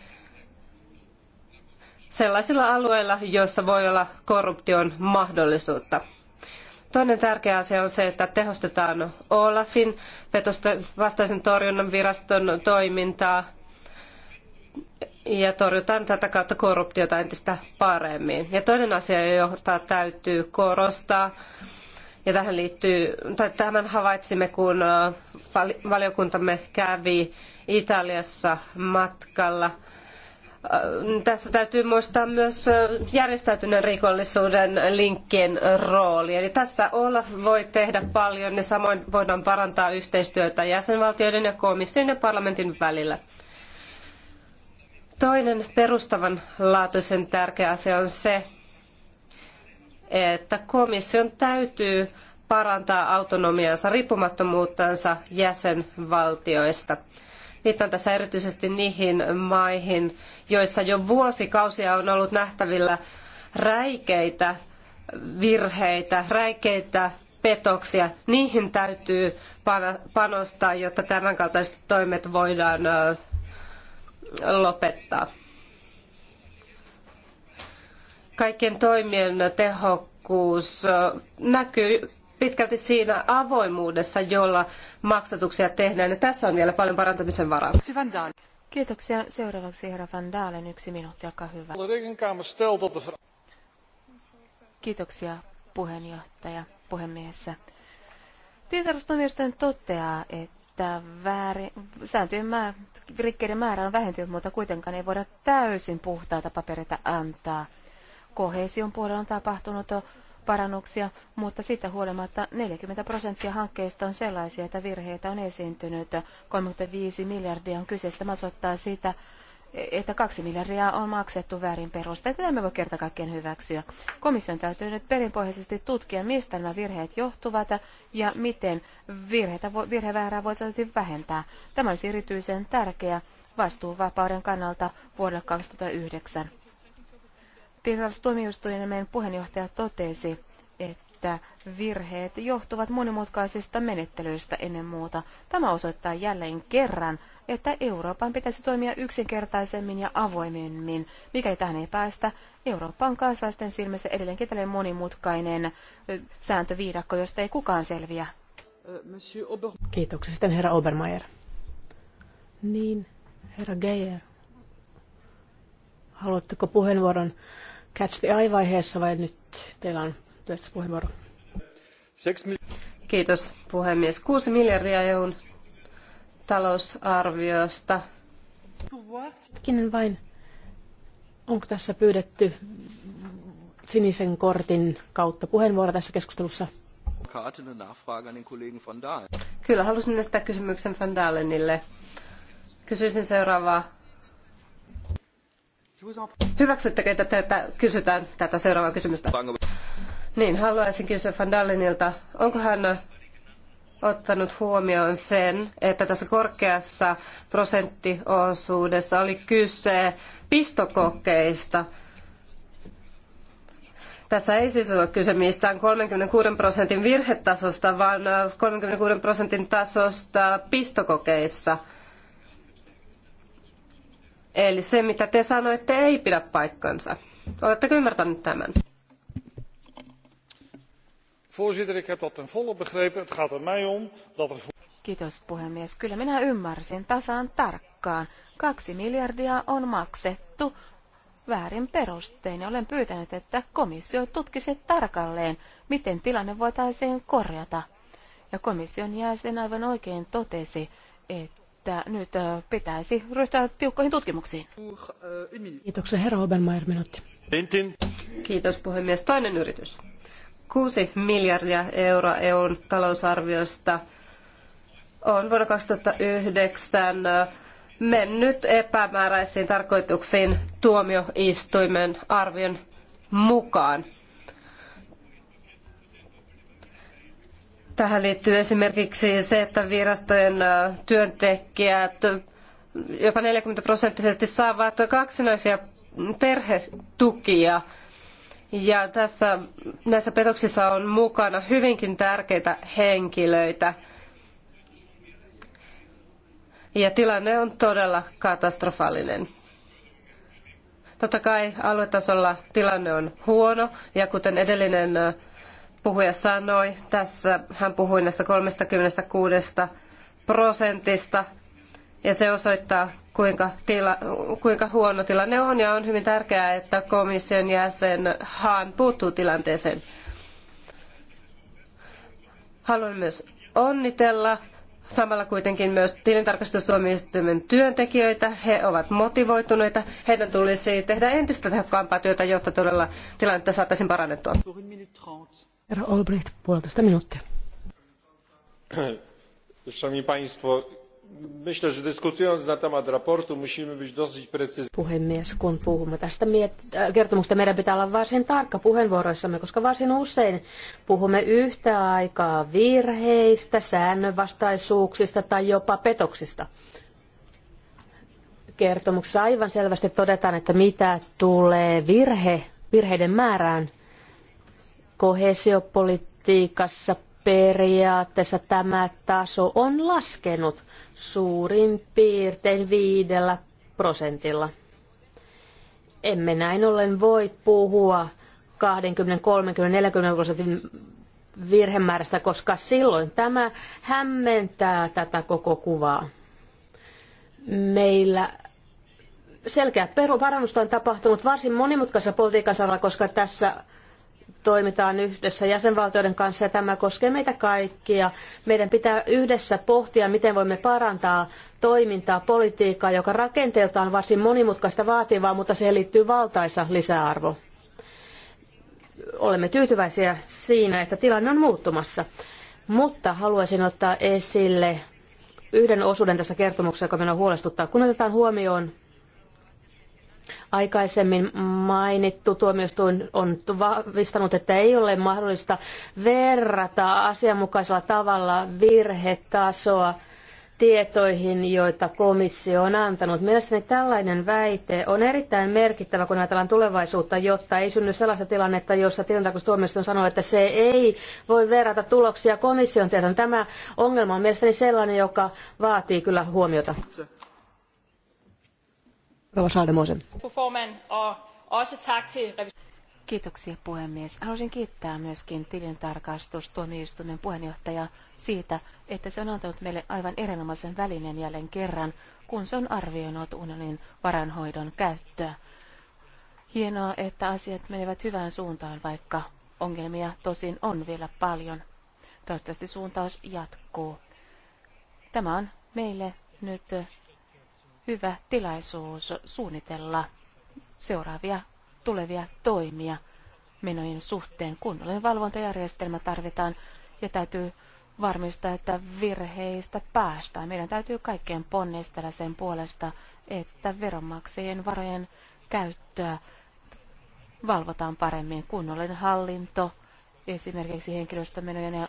sellaisilla alueilla, joissa voi olla korruption mahdollisuutta. Toinen tärkeä asia on se, että tehostetaan Olafin petosten vastaisen torjunnan viraston toimintaa ja torjutaan tätä kautta korruptiota entistä paremmin. Ja toinen asia, jota täytyy korostaa, ja tähän liittyy, tai tämän havaitsimme, kun äh, valiokuntamme kävi Italiassa matkalla – Äh, tässä täytyy muistaa myös äh, järjestäytyneen rikollisuuden linkkien rooli. Eli tässä Olaf voi tehdä paljon ja samoin voidaan parantaa yhteistyötä jäsenvaltioiden ja komission ja parlamentin välillä. Toinen perustavanlaatuisen tärkeä asia on se, että komission täytyy parantaa autonomiaansa, riippumattomuuttansa jäsenvaltioista – Viittaan tässä erityisesti niihin maihin, joissa jo vuosikausia on ollut nähtävillä räikeitä virheitä, räikeitä petoksia. Niihin täytyy panostaa, jotta tämänkaltaiset toimet voidaan lopettaa. Kaikkien toimien tehokkuus näkyy pitkälti siinä avoimuudessa, jolla maksatuksia tehdään. Ja tässä on vielä paljon parantamisen varaa. Kiitoksia. Seuraavaksi herra Van Dalen yksi minuutti, olkaa hyvä. Kiitoksia puheenjohtaja, puhemies. Tilintarkastustuomioistuin toteaa, että sääntöjen määr, rikkeiden määrä on vähentynyt, mutta kuitenkaan ei voida täysin puhtaita paperita antaa. Kohesion puolella on tapahtunut parannuksia, mutta siitä huolimatta 40 prosenttia hankkeista on sellaisia, että virheitä on esiintynyt. 35 miljardia on kyseessä. Tämä osoittaa sitä, että kaksi miljardia on maksettu väärin perustein. Tätä me voi kerta kaikkien hyväksyä. Komission täytyy nyt perinpohjaisesti tutkia, mistä nämä virheet johtuvat ja miten virheitä, virheväärää voitaisiin vähentää. Tämä olisi erityisen tärkeä vastuuvapauden kannalta vuodelle 2009. Tilintarkastustuomioistuimen puheenjohtaja totesi, että virheet johtuvat monimutkaisista menettelyistä ennen muuta. Tämä osoittaa jälleen kerran, että Euroopan pitäisi toimia yksinkertaisemmin ja avoimemmin. Mikäli tähän ei päästä, Eurooppa on kansalaisten silmissä edelleen tällainen monimutkainen sääntöviidakko, josta ei kukaan selviä. Kiitoksia. Sitten herra Obermeier. Niin, herra Geier Haluatteko puheenvuoron Catch the Eye-vaiheessa vai nyt teillä on puheenvuoro? Kiitos puhemies. 6 miljardia EUn talousarviosta. Hetkinen vain. Onko tässä pyydetty sinisen kortin kautta puheenvuoro tässä keskustelussa? Kyllä, halusin näistä kysymyksen Van Dalenille. Kysyisin seuraavaa. Hyväksyttekö, että tätä, kysytään tätä seuraavaa kysymystä? Niin, haluaisin kysyä Van Dallenilta, onko hän ottanut huomioon sen, että tässä korkeassa prosenttiosuudessa oli kyse pistokokeista. Tässä ei siis ole kyse mistään 36 prosentin virhetasosta, vaan 36 prosentin tasosta pistokokeissa – Eli se, mitä te sanoitte, ei pidä paikkansa. Oletteko ymmärtänyt tämän? Er er Kiitos puhemies. Kyllä minä ymmärsin tasan tarkkaan. Kaksi miljardia on maksettu väärin perustein ja olen pyytänyt, että komissio tutkisi tarkalleen, miten tilanne voitaisiin korjata. Ja komission jäsen aivan oikein totesi, että että nyt pitäisi ryhtyä tiukkoihin tutkimuksiin. Kiitoksia, herra Obermeier, minuutti. Kiitos puhemies. Toinen yritys. 6 miljardia euroa EUn talousarviosta on vuonna 2009 mennyt epämääräisiin tarkoituksiin tuomioistuimen arvion mukaan. Tähän liittyy esimerkiksi se, että virastojen työntekijät jopa 40 prosenttisesti saavat kaksinaisia perhetukia. Ja tässä, näissä petoksissa on mukana hyvinkin tärkeitä henkilöitä. Ja tilanne on todella katastrofaalinen. Totta kai aluetasolla tilanne on huono ja kuten edellinen puhuja sanoi. Tässä hän puhui näistä 36 prosentista ja se osoittaa, kuinka, tila, kuinka huono tilanne on ja on hyvin tärkeää, että komission jäsen Haan puuttuu tilanteeseen. Haluan myös onnitella samalla kuitenkin myös tilintarkastustuomioistuimen työntekijöitä. He ovat motivoituneita. Heidän tulisi tehdä entistä tehokkaampaa työtä, jotta todella tilannetta saataisiin parannettua. Herra Olbricht, puolitoista minuuttia. Szanowni Państwo, myślę, że dyskutując na temat raportu musimy być dosyć precyzyjni. Puhemies, kun puhumme tästä äh, kertomuksesta, meidän pitää olla varsin tarkka puheenvuoroissamme, koska varsin usein puhumme yhtä aikaa virheistä, säännönvastaisuuksista tai jopa petoksista kertomuksessa aivan selvästi todetaan, että mitä tulee virhe, virheiden määrään, kohesiopolitiikassa periaatteessa tämä taso on laskenut suurin piirtein viidellä prosentilla. Emme näin ollen voi puhua 20, 30, 40 prosentin virhemäärästä, koska silloin tämä hämmentää tätä koko kuvaa. Meillä selkeä parannusta on tapahtunut varsin monimutkaisessa politiikan saralla, koska tässä toimitaan yhdessä jäsenvaltioiden kanssa ja tämä koskee meitä kaikkia. Meidän pitää yhdessä pohtia, miten voimme parantaa toimintaa, politiikkaa, joka rakenteeltaan on varsin monimutkaista vaativaa, mutta siihen liittyy valtaisa lisäarvo. Olemme tyytyväisiä siinä, että tilanne on muuttumassa. Mutta haluaisin ottaa esille yhden osuuden tässä kertomuksessa, joka minua huolestuttaa. Kun otetaan huomioon Aikaisemmin mainittu tuomioistuin on vahvistanut, että ei ole mahdollista verrata asianmukaisella tavalla virhetasoa tietoihin, joita komissio on antanut. Mielestäni tällainen väite on erittäin merkittävä, kun ajatellaan tulevaisuutta, jotta ei synny sellaista tilannetta, jossa tilintarkastustuomioistuin sanoo, että se ei voi verrata tuloksia komission tietoon. Tämä ongelma on mielestäni sellainen, joka vaatii kyllä huomiota. Rova Kiitoksia puhemies. Haluaisin kiittää myöskin tilintarkastustuomioistuimen puheenjohtajaa siitä, että se on antanut meille aivan erinomaisen välineen jälleen kerran, kun se on arvioinut unionin varanhoidon käyttöä. Hienoa, että asiat menevät hyvään suuntaan, vaikka ongelmia tosin on vielä paljon. Toivottavasti suuntaus jatkuu. Tämä on meille nyt hyvä tilaisuus suunnitella seuraavia tulevia toimia menojen suhteen. Kunnollinen valvontajärjestelmä tarvitaan ja täytyy varmistaa, että virheistä päästään. Meidän täytyy kaikkien ponnistella sen puolesta, että veronmaksajien varojen käyttöä valvotaan paremmin. Kunnollinen hallinto, esimerkiksi henkilöstömenojen ja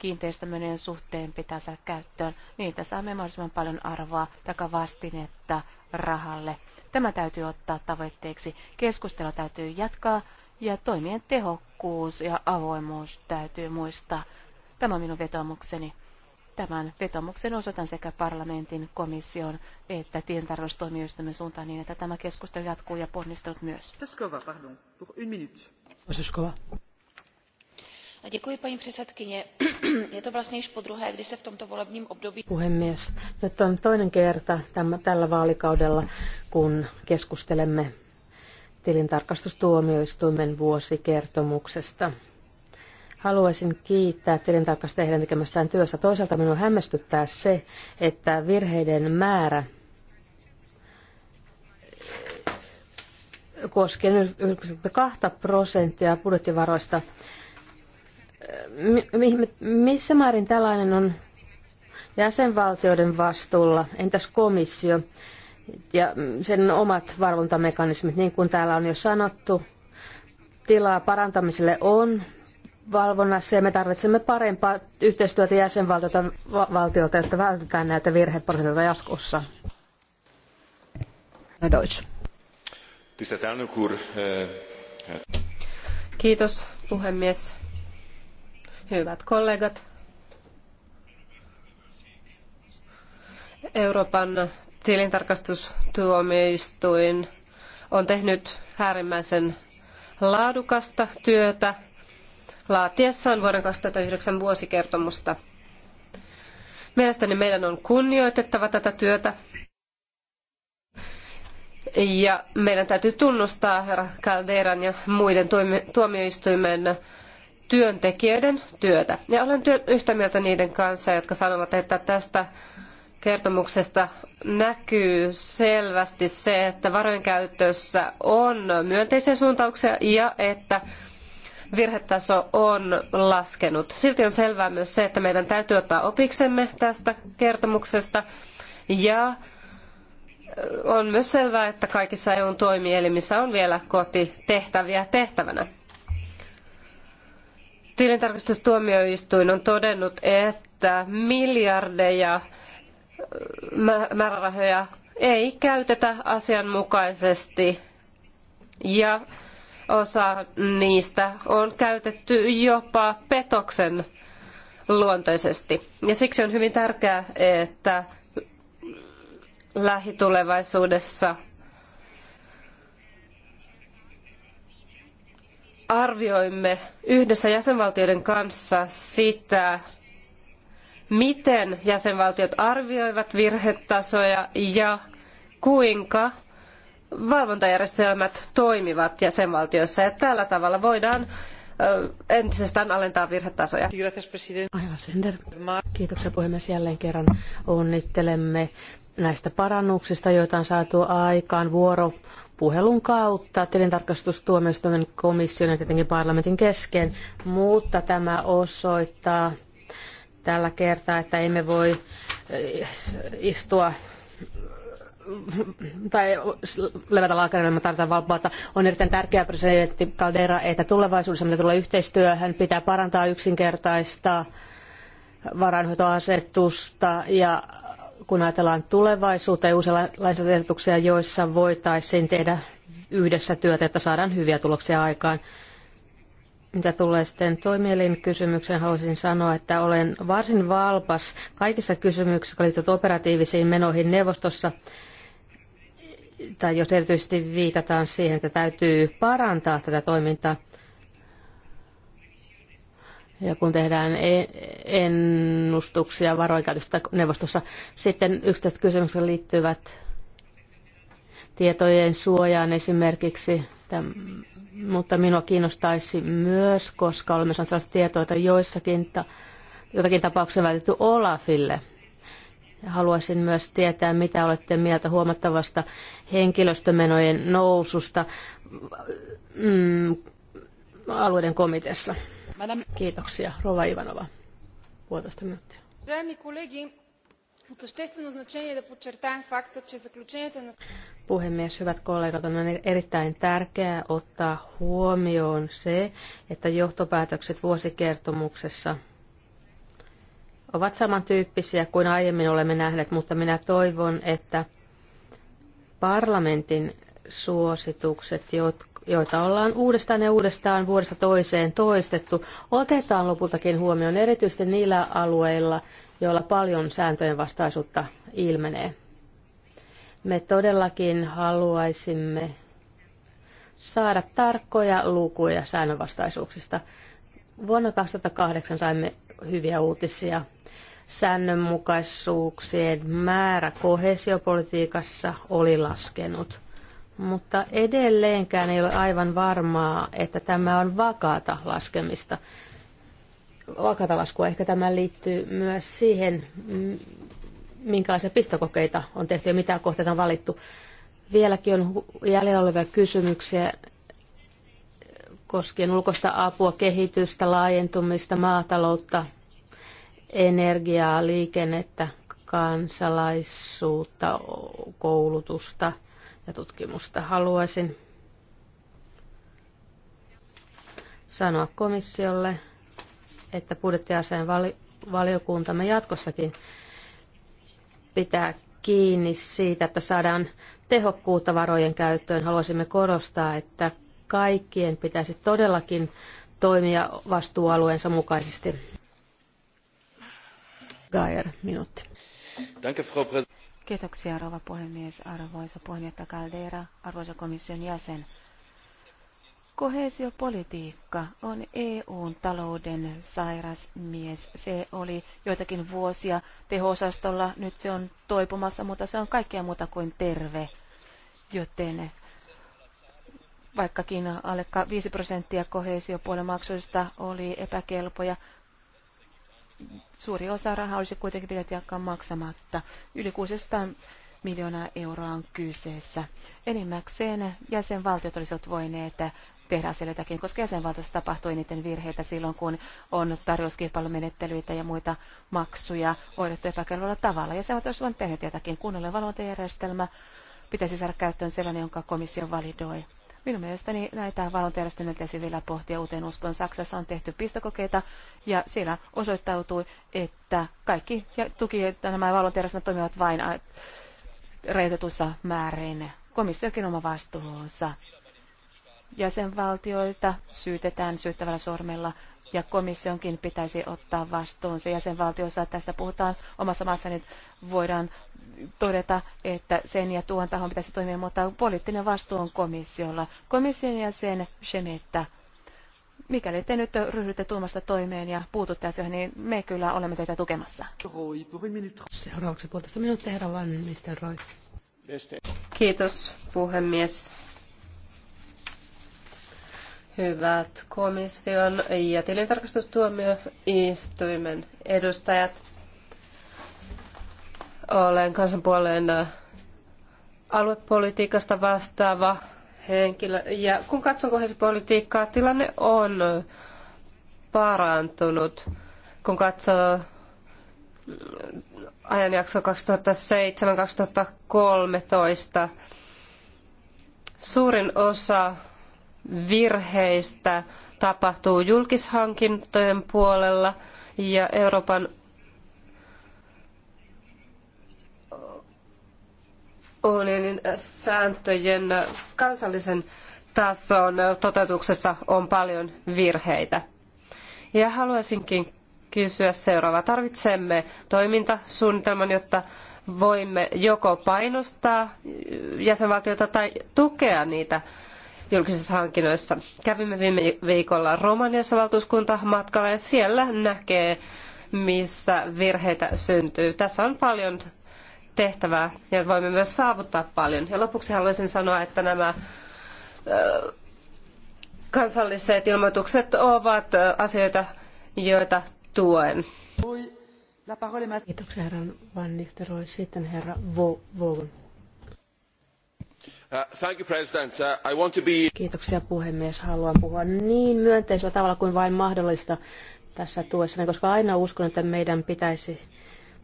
kiinteistömenojen suhteen pitää saada käyttöön, niin että saamme mahdollisimman paljon arvoa takavastinetta rahalle. Tämä täytyy ottaa tavoitteeksi. Keskustelua täytyy jatkaa ja toimien tehokkuus ja avoimuus täytyy muistaa. Tämä on minun vetomukseni. Tämän vetomuksen osoitan sekä parlamentin, komission että tientarvostoimijoistamme suuntaan niin, että tämä keskustelu jatkuu ja ponnistelut myös. Peskova, pardon, pour une minute paní předsedající Je to vlastně již podruhé, kdy se v tomto volebním období... Puhemies, nyt on toinen kerta tällä vaalikaudella, kun keskustelemme tilintarkastustuomioistuimen vuosikertomuksesta. Haluaisin kiittää tilintarkastajia heidän tekemästään työstä. Toisaalta minua hämmästyttää se, että virheiden määrä koskee yhdeksänkymmentäkaksi prosenttia budjettivaroista missä määrin tällainen on jäsenvaltioiden vastuulla, entäs komissio ja sen omat valvontamekanismit, niin kuin täällä on jo sanottu, tilaa parantamiselle on valvonnassa ja me tarvitsemme parempaa yhteistyötä jäsenvaltiolta, jotta vältetään näitä virheprosenteja jatkossa. Eh, Kiitos puhemies. Hyvät kollegat, Euroopan tilintarkastustuomioistuin on tehnyt äärimmäisen laadukasta työtä laatiessaan vuoden 2009 vuosikertomusta. Mielestäni meidän on kunnioitettava tätä työtä ja meidän täytyy tunnustaa herra Calderan ja muiden tuomioistuimen työntekijöiden työtä. Ja olen työ, yhtä mieltä niiden kanssa, jotka sanovat, että tästä kertomuksesta näkyy selvästi se, että varojen käytössä on myönteisiä suuntauksia ja että virhetaso on laskenut. Silti on selvää myös se, että meidän täytyy ottaa opiksemme tästä kertomuksesta ja on myös selvää, että kaikissa EUn toimielimissä on vielä kotitehtäviä tehtävänä. Tilintarkastustuomioistuin on todennut, että miljardeja äh, määrärahoja ei käytetä asianmukaisesti ja osa niistä on käytetty jopa petoksen luontoisesti. Ja siksi on hyvin tärkeää, että lähitulevaisuudessa arvioimme yhdessä jäsenvaltioiden kanssa sitä, miten jäsenvaltiot arvioivat virhetasoja ja kuinka valvontajärjestelmät toimivat jäsenvaltioissa. Ja tällä tavalla voidaan entisestään alentaa virhetasoja. Kiitoksia puhemies jälleen kerran. Onnittelemme näistä parannuksista, joita on saatu aikaan vuoro, puhelun kautta tilintarkastustuomioistuimen komission ja tietenkin parlamentin kesken, mutta tämä osoittaa tällä kertaa, että emme voi eh, istua tai levätä laakereille, me tarvitaan valppautta. On erittäin tärkeää presidentti Caldera, että tulevaisuudessa, mitä tulee yhteistyöhön, pitää parantaa yksinkertaista varainhoitoasetusta ja kun ajatellaan tulevaisuutta ja uusia lainsäädäntöehdotuksia, joissa voitaisiin tehdä yhdessä työtä, että saadaan hyviä tuloksia aikaan. Mitä tulee sitten toimielin kysymykseen, haluaisin sanoa, että olen varsin valpas kaikissa kysymyksissä, jotka liittyvät operatiivisiin menoihin neuvostossa, tai jos erityisesti viitataan siihen, että täytyy parantaa tätä toimintaa, ja kun tehdään e- ennustuksia varoinkäytöstä neuvostossa. Sitten yksittäiset kysymykset liittyvät tietojen suojaan esimerkiksi, mutta minua kiinnostaisi myös, koska olemme saaneet sellaista tietoa, että joissakin ta- jotakin tapauksia välitetty Olafille. Haluaisin myös tietää, mitä olette mieltä huomattavasta henkilöstömenojen noususta mm, alueiden komiteassa. Kiitoksia. Rova Ivanova, puolitoista minuuttia. Puhemies, hyvät kollegat, on erittäin tärkeää ottaa huomioon se, että johtopäätökset vuosikertomuksessa ovat samantyyppisiä kuin aiemmin olemme nähneet, mutta minä toivon, että parlamentin suositukset, jotka joita ollaan uudestaan ja uudestaan vuodesta toiseen toistettu, otetaan lopultakin huomioon erityisesti niillä alueilla, joilla paljon sääntöjen vastaisuutta ilmenee. Me todellakin haluaisimme saada tarkkoja lukuja säännönvastaisuuksista. Vuonna 2008 saimme hyviä uutisia. Säännönmukaisuuksien määrä kohesiopolitiikassa oli laskenut mutta edelleenkään ei ole aivan varmaa, että tämä on vakaata laskemista. Vakaata laskua ehkä tämä liittyy myös siihen, minkälaisia pistokokeita on tehty ja mitä kohteita on valittu. Vieläkin on jäljellä olevia kysymyksiä koskien ulkoista apua, kehitystä, laajentumista, maataloutta, energiaa, liikennettä, kansalaisuutta, koulutusta – ja tutkimusta. Haluaisin sanoa komissiolle, että budjettiaseen vali- valiokuntamme jatkossakin pitää kiinni siitä, että saadaan tehokkuutta varojen käyttöön. Haluaisimme korostaa, että kaikkien pitäisi todellakin toimia vastuualueensa mukaisesti. Geier, minuutti. Kiitoksia, rouva puhemies, arvoisa puheenjohtaja Caldera, arvoisa komission jäsen. Koheesiopolitiikka on EUn talouden sairas mies. Se oli joitakin vuosia tehosastolla, nyt se on toipumassa, mutta se on kaikkea muuta kuin terve. Joten vaikkakin alle 5 prosenttia kohesiopuolen maksuista oli epäkelpoja, suuri osa rahaa olisi kuitenkin pitänyt jakaa maksamatta. Yli 600 miljoonaa euroa on kyseessä. Enimmäkseen jäsenvaltiot olisivat voineet tehdä asialle jotakin, koska jäsenvaltiossa tapahtui eniten virheitä silloin, kun on tarjouskilpailumenettelyitä ja muita maksuja hoidettu epäkelvolla tavalla. Jäsenvaltiossa on tehnyt jotakin. Kunnollinen valvontajärjestelmä pitäisi saada käyttöön sellainen, jonka komissio validoi. Minun mielestäni näitä valonterästä pitäisi vielä pohtia uuteen uskoon. Saksassa on tehty pistokokeita ja siellä osoittautui, että kaikki ja tuki, että nämä valonterästä toimivat vain rajoitetussa määrin. Komissiokin oma vastuunsa jäsenvaltioita syytetään syyttävällä sormella ja komissionkin pitäisi ottaa vastuunsa jäsenvaltiossa. Tästä puhutaan omassa maassa nyt voidaan todeta, että sen ja tuon tahon pitäisi toimia, mutta poliittinen vastuu on komissiolla. Komission ja sen Mikäli te nyt ryhdytte tuomasta toimeen ja puututte asioihin, niin me kyllä olemme teitä tukemassa. Seuraavaksi puolitoista minuuttia, herra Van Roy. Kiitos, puhemies. Hyvät komission ja tilintarkastustuomioistuimen edustajat, olen kansanpuolueen äh, aluepolitiikasta vastaava henkilö. Ja kun katson kohdallisuuspolitiikkaa, tilanne on parantunut. Kun katsoo mm, ajanjakso 2007-2013, suurin osa virheistä tapahtuu julkishankintojen puolella ja Euroopan unionin sääntöjen kansallisen tason toteutuksessa on paljon virheitä. Ja haluaisinkin kysyä seuraavaa. Tarvitsemme toimintasuunnitelman, jotta voimme joko painostaa jäsenvaltioita tai tukea niitä julkisissa hankinnoissa. Kävimme viime viikolla Romaniassa valtuuskuntamatkalla ja siellä näkee, missä virheitä syntyy. Tässä on paljon tehtävää ja voimme myös saavuttaa paljon. Ja lopuksi haluaisin sanoa, että nämä kansalliset ilmoitukset ovat asioita, joita tuen. Kiitoksia herran Van Nistelrooy. Sitten herra Vogon. Vo Uh, uh, Kiitoksia puhemies. Haluan puhua niin myönteisellä tavalla kuin vain mahdollista tässä tuessani koska aina uskon, että meidän pitäisi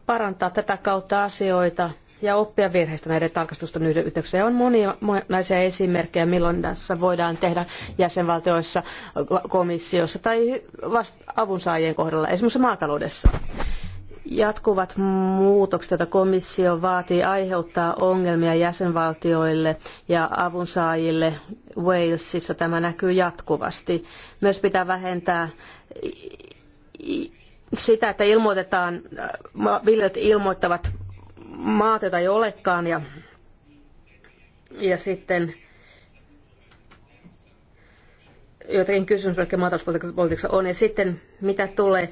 parantaa tätä kautta asioita ja oppia virheistä näiden tarkastusten yhteydessä On moninaisia esimerkkejä, milloin tässä voidaan tehdä jäsenvaltioissa, komissiossa tai avunsaajien kohdalla, esimerkiksi maataloudessa. Jatkuvat muutokset, joita komissio vaatii, aiheuttaa ongelmia jäsenvaltioille ja avunsaajille Walesissa. Tämä näkyy jatkuvasti. Myös pitää vähentää sitä, että ilmoitetaan, äh, viljelijät ilmoittavat maat, joita ei olekaan, ja, ja sitten joitakin kysymysmerkkejä maatalouspolitiikassa on. Ja sitten mitä tulee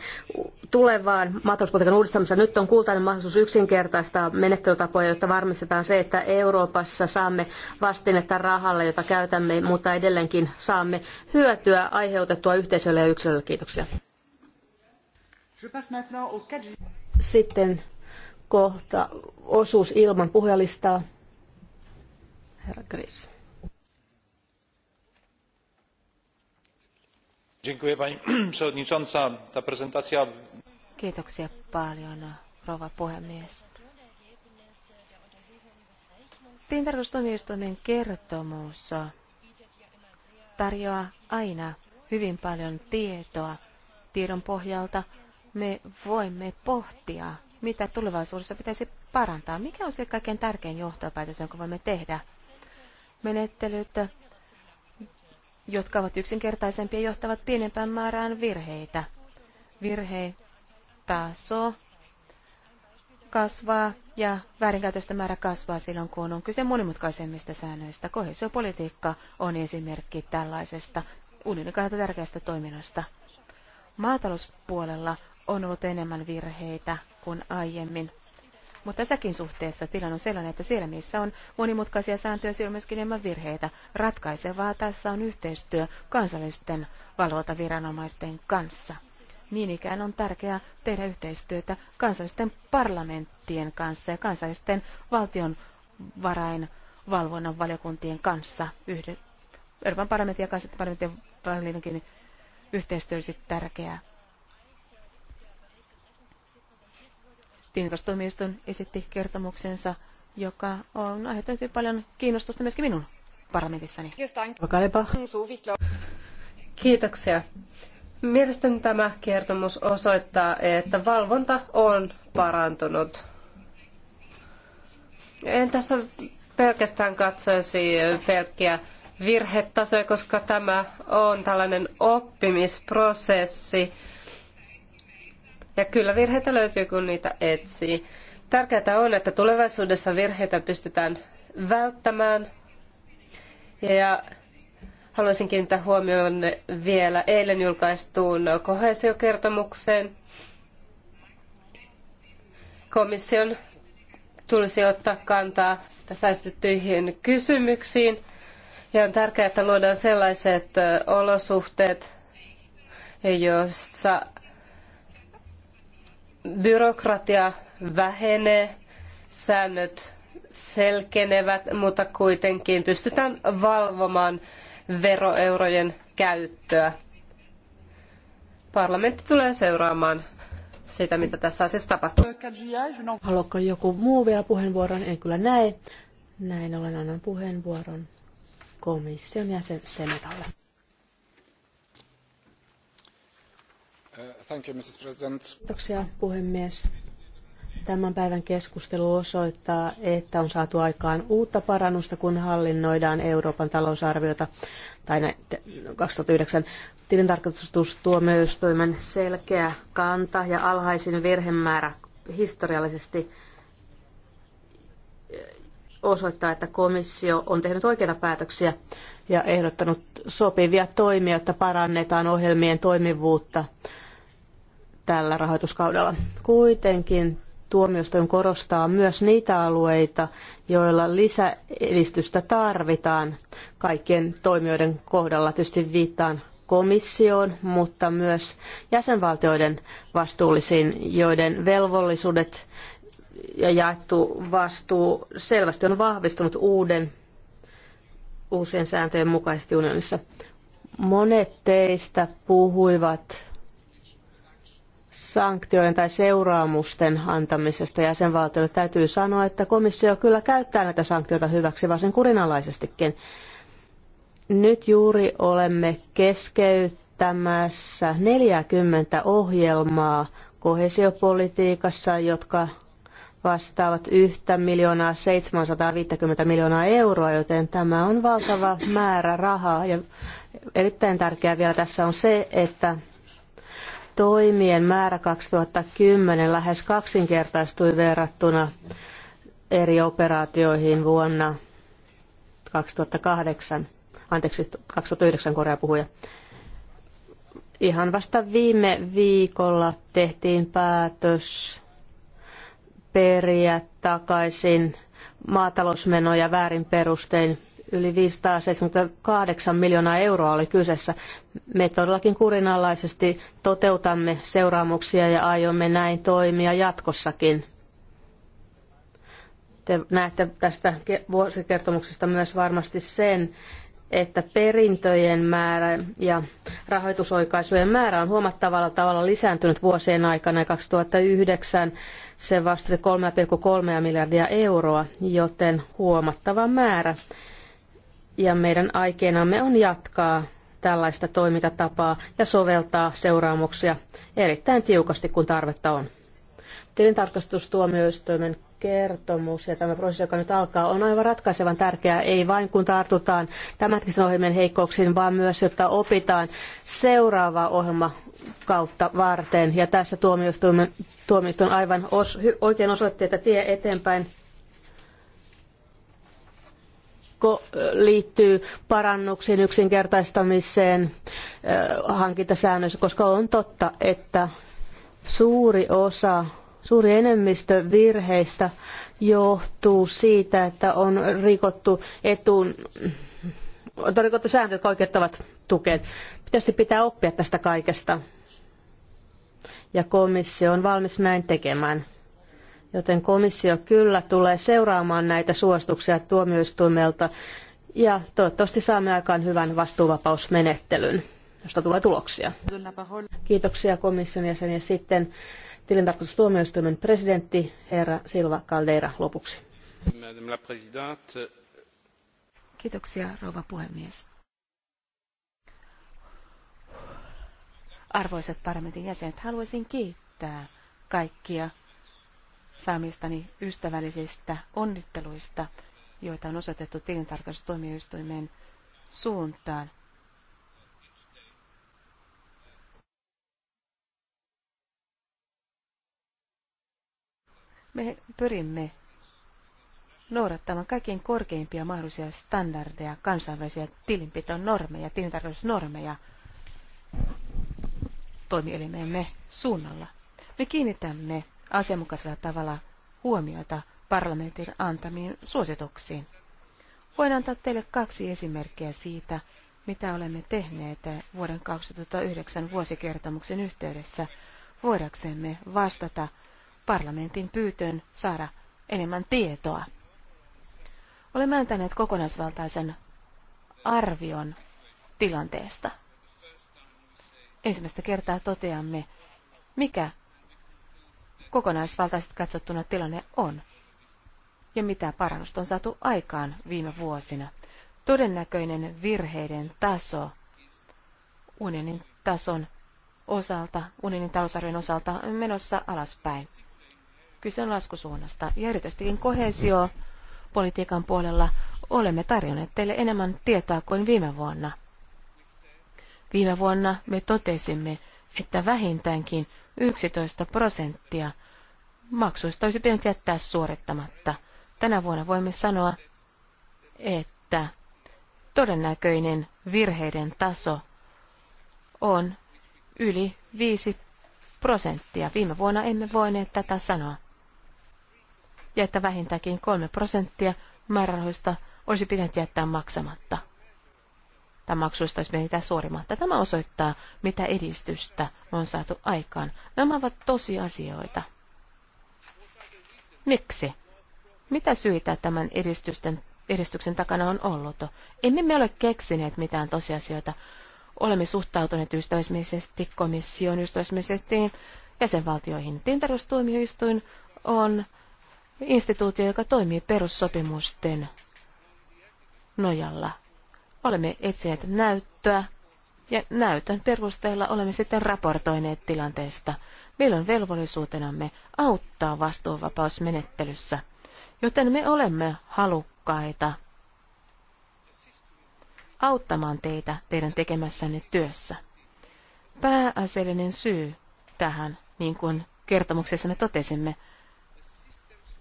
tulevaan maatalouspolitiikan uudistamiseen, nyt on kultainen mahdollisuus yksinkertaistaa menettelytapoja, jotta varmistetaan se, että Euroopassa saamme vastinetta rahalle, jota käytämme, mutta edelleenkin saamme hyötyä aiheutettua yhteisölle ja yksilölle. Kiitoksia. Sitten kohta osuus ilman puhujalistaa. Herra pani przewodnicząca! ta prezentacja. kiitoksia paljon rouva puhemies. tilintarkastustuomioistuimen kertomus tarjoaa aina hyvin paljon tietoa. Tiedon pohjalta me voimme pohtia, mitä tulevaisuudessa pitäisi parantaa. Mikä on se kaikkein tärkein johtopäätös, jonka voimme tehdä? Menettelyt jotka ovat yksinkertaisempia ja johtavat pienempään määrään virheitä. Virhetaso kasvaa ja väärinkäytösten määrä kasvaa silloin, kun on kyse monimutkaisemmista säännöistä. Kohesiopolitiikka on esimerkki tällaisesta unionin kannalta tärkeästä toiminnasta. Maatalouspuolella on ollut enemmän virheitä kuin aiemmin. Mutta tässäkin suhteessa tilanne on sellainen, että siellä missä on monimutkaisia sääntöjä, siellä on myöskin enemmän virheitä. Ratkaisevaa tässä on yhteistyö kansallisten valvontaviranomaisten kanssa. Niin ikään on tärkeää tehdä yhteistyötä kansallisten parlamenttien kanssa ja kansallisten valtion valvonnan valiokuntien kanssa. Yhden, Euroopan parlamentin ja kansallisten parlamentin yhteistyö olisi tärkeää. Tilintarkastustoimiston esitti kertomuksensa, joka on aiheuttanut paljon kiinnostusta myöskin minun parlamentissani. Kiitoksia. Mielestäni tämä kertomus osoittaa, että valvonta on parantunut. En tässä pelkästään katsoisi pelkkiä virhetasoja, koska tämä on tällainen oppimisprosessi ja kyllä virheitä löytyy, kun niitä etsii. Tärkeää on, että tulevaisuudessa virheitä pystytään välttämään. Ja haluaisin kiinnittää huomioon vielä eilen julkaistuun kohesiokertomukseen. Komission tulisi ottaa kantaa tässä esitettyihin kysymyksiin. Ja on tärkeää, että luodaan sellaiset olosuhteet, joissa Byrokratia vähenee, säännöt selkenevät, mutta kuitenkin pystytään valvomaan veroeurojen käyttöä. Parlamentti tulee seuraamaan sitä, mitä tässä asiassa tapahtuu. Haluatko joku muu vielä puheenvuoron? En kyllä näe. Näin ollen annan puheenvuoron komission jäsen Semetalle. Uh, thank Kiitoksia puhemies. Tämän päivän keskustelu osoittaa, että on saatu aikaan uutta parannusta, kun hallinnoidaan Euroopan talousarviota tai näin, 2009 no, tilintarkastus tuo myös toimen selkeä kanta ja alhaisin virhemäärä historiallisesti eh, osoittaa, että komissio on tehnyt oikeita päätöksiä ja ehdottanut sopivia toimia, että parannetaan ohjelmien toimivuutta tällä rahoituskaudella. Kuitenkin tuomioistuin korostaa myös niitä alueita, joilla lisäedistystä tarvitaan kaikkien toimijoiden kohdalla. Tietysti viittaan komissioon, mutta myös jäsenvaltioiden vastuullisiin, joiden velvollisuudet ja jaettu vastuu selvästi on vahvistunut uuden uusien sääntöjen mukaisesti unionissa. Monet teistä puhuivat sanktioiden tai seuraamusten antamisesta jäsenvaltioille. Täytyy sanoa, että komissio kyllä käyttää näitä sanktioita hyväksi varsin kurinalaisestikin. Nyt juuri olemme keskeyttämässä 40 ohjelmaa kohesiopolitiikassa, jotka vastaavat yhtä miljoonaa 750 miljoonaa euroa, joten tämä on valtava määrä rahaa. Ja erittäin tärkeää vielä tässä on se, että Toimien määrä 2010 lähes kaksinkertaistui verrattuna eri operaatioihin vuonna 2008, anteeksi 2009 Korea puhuja. Ihan vasta viime viikolla tehtiin päätös periä takaisin maatalousmenoja väärin perustein yli 578 miljoonaa euroa oli kyseessä. Me todellakin kurinalaisesti toteutamme seuraamuksia ja aiomme näin toimia jatkossakin. Te näette tästä vuosikertomuksesta myös varmasti sen, että perintöjen määrä ja rahoitusoikaisujen määrä on huomattavalla tavalla lisääntynyt vuosien aikana ja 2009 se vastasi 3,3 miljardia euroa, joten huomattava määrä ja meidän aikeenamme on jatkaa tällaista toimintatapaa ja soveltaa seuraamuksia erittäin tiukasti, kun tarvetta on. Tilintarkastustuomioistuimen kertomus ja tämä prosessi, joka nyt alkaa, on aivan ratkaisevan tärkeää, ei vain kun tartutaan tämänkin ohjelmien heikkouksiin, vaan myös, jotta opitaan seuraavaa ohjelma kautta varten. Ja tässä tuomioistuin, tuomioistuin aivan os, oikein osoitti, että tie eteenpäin liittyy parannuksiin, yksinkertaistamiseen hankintasäännöissä, koska on totta, että suuri osa, suuri enemmistö virheistä johtuu siitä, että on rikottu etuun, on rikottu sääntöjä, jotka oikeuttavat tukeen. Pitäisi pitää oppia tästä kaikesta. Ja komissio on valmis näin tekemään. Joten komissio kyllä tulee seuraamaan näitä suosituksia tuomioistuimelta ja toivottavasti saamme aikaan hyvän vastuuvapausmenettelyn, josta tulee tuloksia. Kiitoksia komission jäsen ja sitten tilintarkastustuomioistuimen presidentti herra Silva Caldeira lopuksi. Kiitoksia rouva puhemies. Arvoisat parlamentin jäsenet, haluaisin kiittää kaikkia saamistani ystävällisistä onnitteluista, joita on osoitettu tilintarkastustuomioistuimen suuntaan. Me pyrimme noudattamaan kaikkein korkeimpia mahdollisia standardeja, kansainvälisiä tilinpiton normeja, tilintarkastusnormeja toimielimemme suunnalla. Me kiinnitämme asianmukaisella tavalla huomiota parlamentin antamiin suosituksiin. Voin antaa teille kaksi esimerkkiä siitä, mitä olemme tehneet vuoden 2009 vuosikertomuksen yhteydessä, voidaksemme vastata parlamentin pyytöön saada enemmän tietoa. Olemme antaneet kokonaisvaltaisen arvion tilanteesta. Ensimmäistä kertaa toteamme, mikä kokonaisvaltaisesti katsottuna tilanne on ja mitä parannusta on saatu aikaan viime vuosina. Todennäköinen virheiden taso unionin tason osalta, unionin talousarvion osalta on menossa alaspäin. Kyse on laskusuunnasta ja erityisesti kohesio politiikan puolella olemme tarjonneet teille enemmän tietoa kuin viime vuonna. Viime vuonna me totesimme, että vähintäänkin 11 prosenttia – maksuista olisi pitänyt jättää suorittamatta. Tänä vuonna voimme sanoa, että todennäköinen virheiden taso on yli 5 prosenttia. Viime vuonna emme voineet tätä sanoa. Ja että vähintäänkin 3 prosenttia määrärahoista olisi pitänyt jättää maksamatta. Tämä maksuista olisi mennyt suorimatta. Tämä osoittaa, mitä edistystä on saatu aikaan. Nämä ovat tosiasioita. Miksi? Mitä syitä tämän edistysten, edistyksen takana on ollut? Emme me ole keksineet mitään tosiasioita. Olemme suhtautuneet ystävällisesti komission ystävällisesti jäsenvaltioihin. Tintarustuomioistuin on instituutio, joka toimii perussopimusten nojalla. Olemme etsineet näyttöä ja näytön perusteella olemme sitten raportoineet tilanteesta. Meillä on velvollisuutenamme auttaa vastuuvapausmenettelyssä, joten me olemme halukkaita auttamaan teitä teidän tekemässänne työssä. Pääasiallinen syy tähän, niin kuin kertomuksessamme totesimme,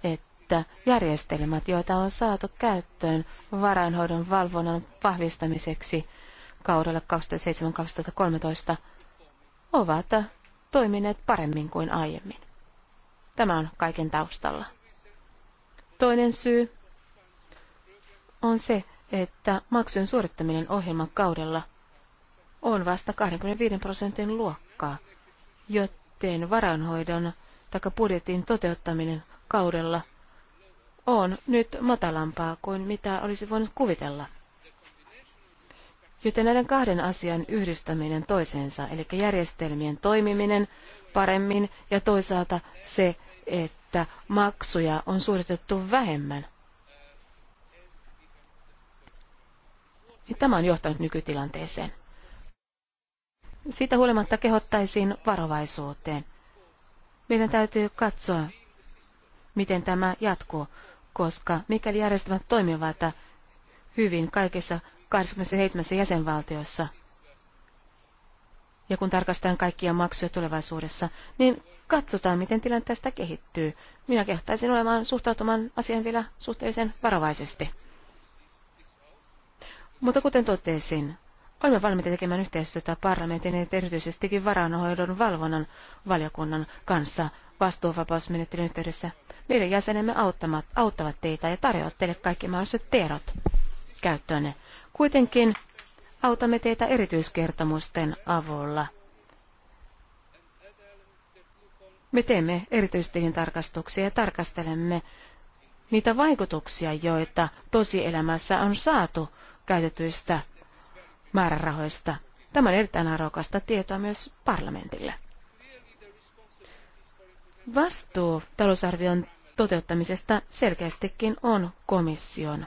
että järjestelmät, joita on saatu käyttöön varainhoidon valvonnan vahvistamiseksi kaudella 2007-2013, ovat toimineet paremmin kuin aiemmin. Tämä on kaiken taustalla. Toinen syy on se, että maksujen suorittaminen ohjelman kaudella on vasta 25 prosentin luokkaa, joten varanhoidon tai budjetin toteuttaminen kaudella on nyt matalampaa kuin mitä olisi voinut kuvitella. Joten näiden kahden asian yhdistäminen toiseensa, eli järjestelmien toimiminen paremmin ja toisaalta se, että maksuja on suoritettu vähemmän. Tämä on johtanut nykytilanteeseen. Siitä huolimatta kehottaisin varovaisuuteen. Meidän täytyy katsoa, miten tämä jatkuu, koska mikäli järjestelmät toimivat hyvin kaikissa 27 jäsenvaltiossa. Ja kun tarkastetaan kaikkia maksuja tulevaisuudessa, niin katsotaan, miten tilanne tästä kehittyy. Minä kehtaisin olemaan suhtautumaan asian vielä suhteellisen varovaisesti. Mutta kuten totesin, olemme valmiita tekemään yhteistyötä parlamentin ja erityisestikin varanhoidon valvonnan valiokunnan kanssa vastuuvapausmenettelyn yhteydessä. Meidän jäsenemme auttavat teitä ja tarjoavat teille kaikki mahdolliset tiedot käyttöönne. Kuitenkin autamme teitä erityiskertomusten avulla. Me teemme erityistilintarkastuksia ja tarkastelemme niitä vaikutuksia, joita tosielämässä on saatu käytetyistä määrärahoista. Tämä on erittäin arvokasta tietoa myös parlamentille. Vastuu talousarvion toteuttamisesta selkeästikin on komission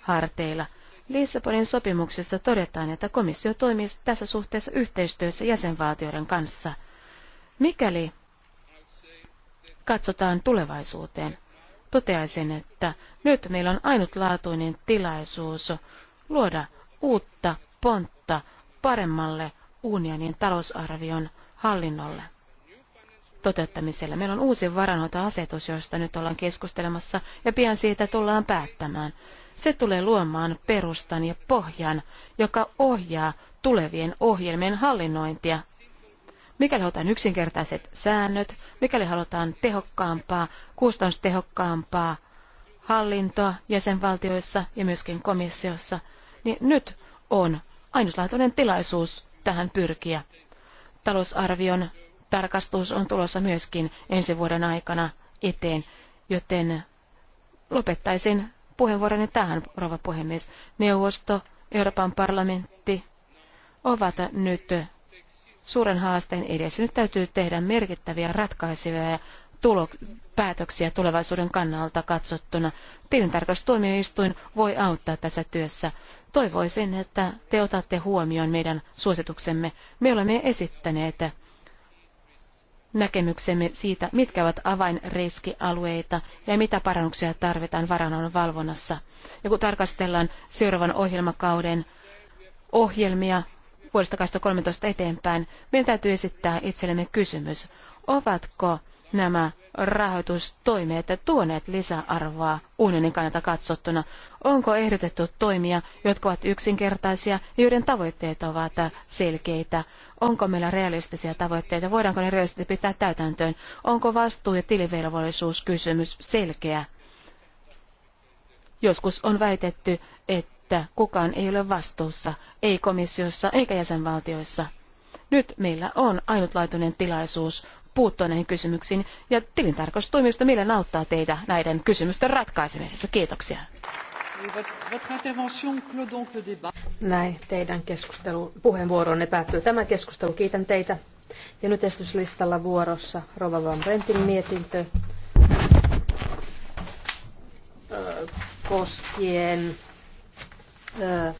harteilla – Lissabonin sopimuksessa todetaan, että komissio toimii tässä suhteessa yhteistyössä jäsenvaltioiden kanssa. Mikäli katsotaan tulevaisuuteen, toteaisin, että nyt meillä on ainutlaatuinen tilaisuus luoda uutta pontta paremmalle unionin talousarvion hallinnolle toteuttamiselle. Meillä on uusi varanhoitoasetus, josta nyt ollaan keskustelemassa, ja pian siitä tullaan päättämään. Se tulee luomaan perustan ja pohjan, joka ohjaa tulevien ohjelmien hallinnointia. Mikäli halutaan yksinkertaiset säännöt, mikäli halutaan tehokkaampaa, kustannustehokkaampaa hallintoa jäsenvaltioissa ja myöskin komissiossa, niin nyt on ainutlaatuinen tilaisuus tähän pyrkiä. Talousarvion tarkastus on tulossa myöskin ensi vuoden aikana eteen, joten lopettaisin puheenvuoroni tähän, rouva puhemies. Neuvosto, Euroopan parlamentti ovat nyt suuren haasteen edessä. Nyt täytyy tehdä merkittäviä ratkaisuja tulo, päätöksiä tulevaisuuden kannalta katsottuna. Tilintarkastustuomioistuin voi auttaa tässä työssä. Toivoisin, että te otatte huomioon meidän suosituksemme. Me olemme esittäneet näkemyksemme siitä, mitkä ovat avainriskialueita ja mitä parannuksia tarvitaan varannon valvonnassa. Ja kun tarkastellaan seuraavan ohjelmakauden ohjelmia vuodesta 2013 eteenpäin, meidän täytyy esittää itsellemme kysymys, ovatko nämä rahoitustoimet tuoneet lisäarvoa unionin kannalta katsottuna? Onko ehdotettu toimia, jotka ovat yksinkertaisia ja joiden tavoitteet ovat selkeitä? Onko meillä realistisia tavoitteita? Voidaanko ne realistisesti pitää täytäntöön? Onko vastuu- ja tilivelvollisuuskysymys selkeä? Joskus on väitetty, että kukaan ei ole vastuussa, ei komissiossa eikä jäsenvaltioissa. Nyt meillä on ainutlaatuinen tilaisuus puuttua näihin kysymyksiin. Ja tilintarkastustoimisto mielen auttaa teitä näiden kysymysten ratkaisemisessa. Kiitoksia. Näin teidän keskustelu, puheenvuoronne päättyy tämä keskustelu. Kiitän teitä. Ja nyt estyslistalla vuorossa Rova Van Brentin mietintö koskien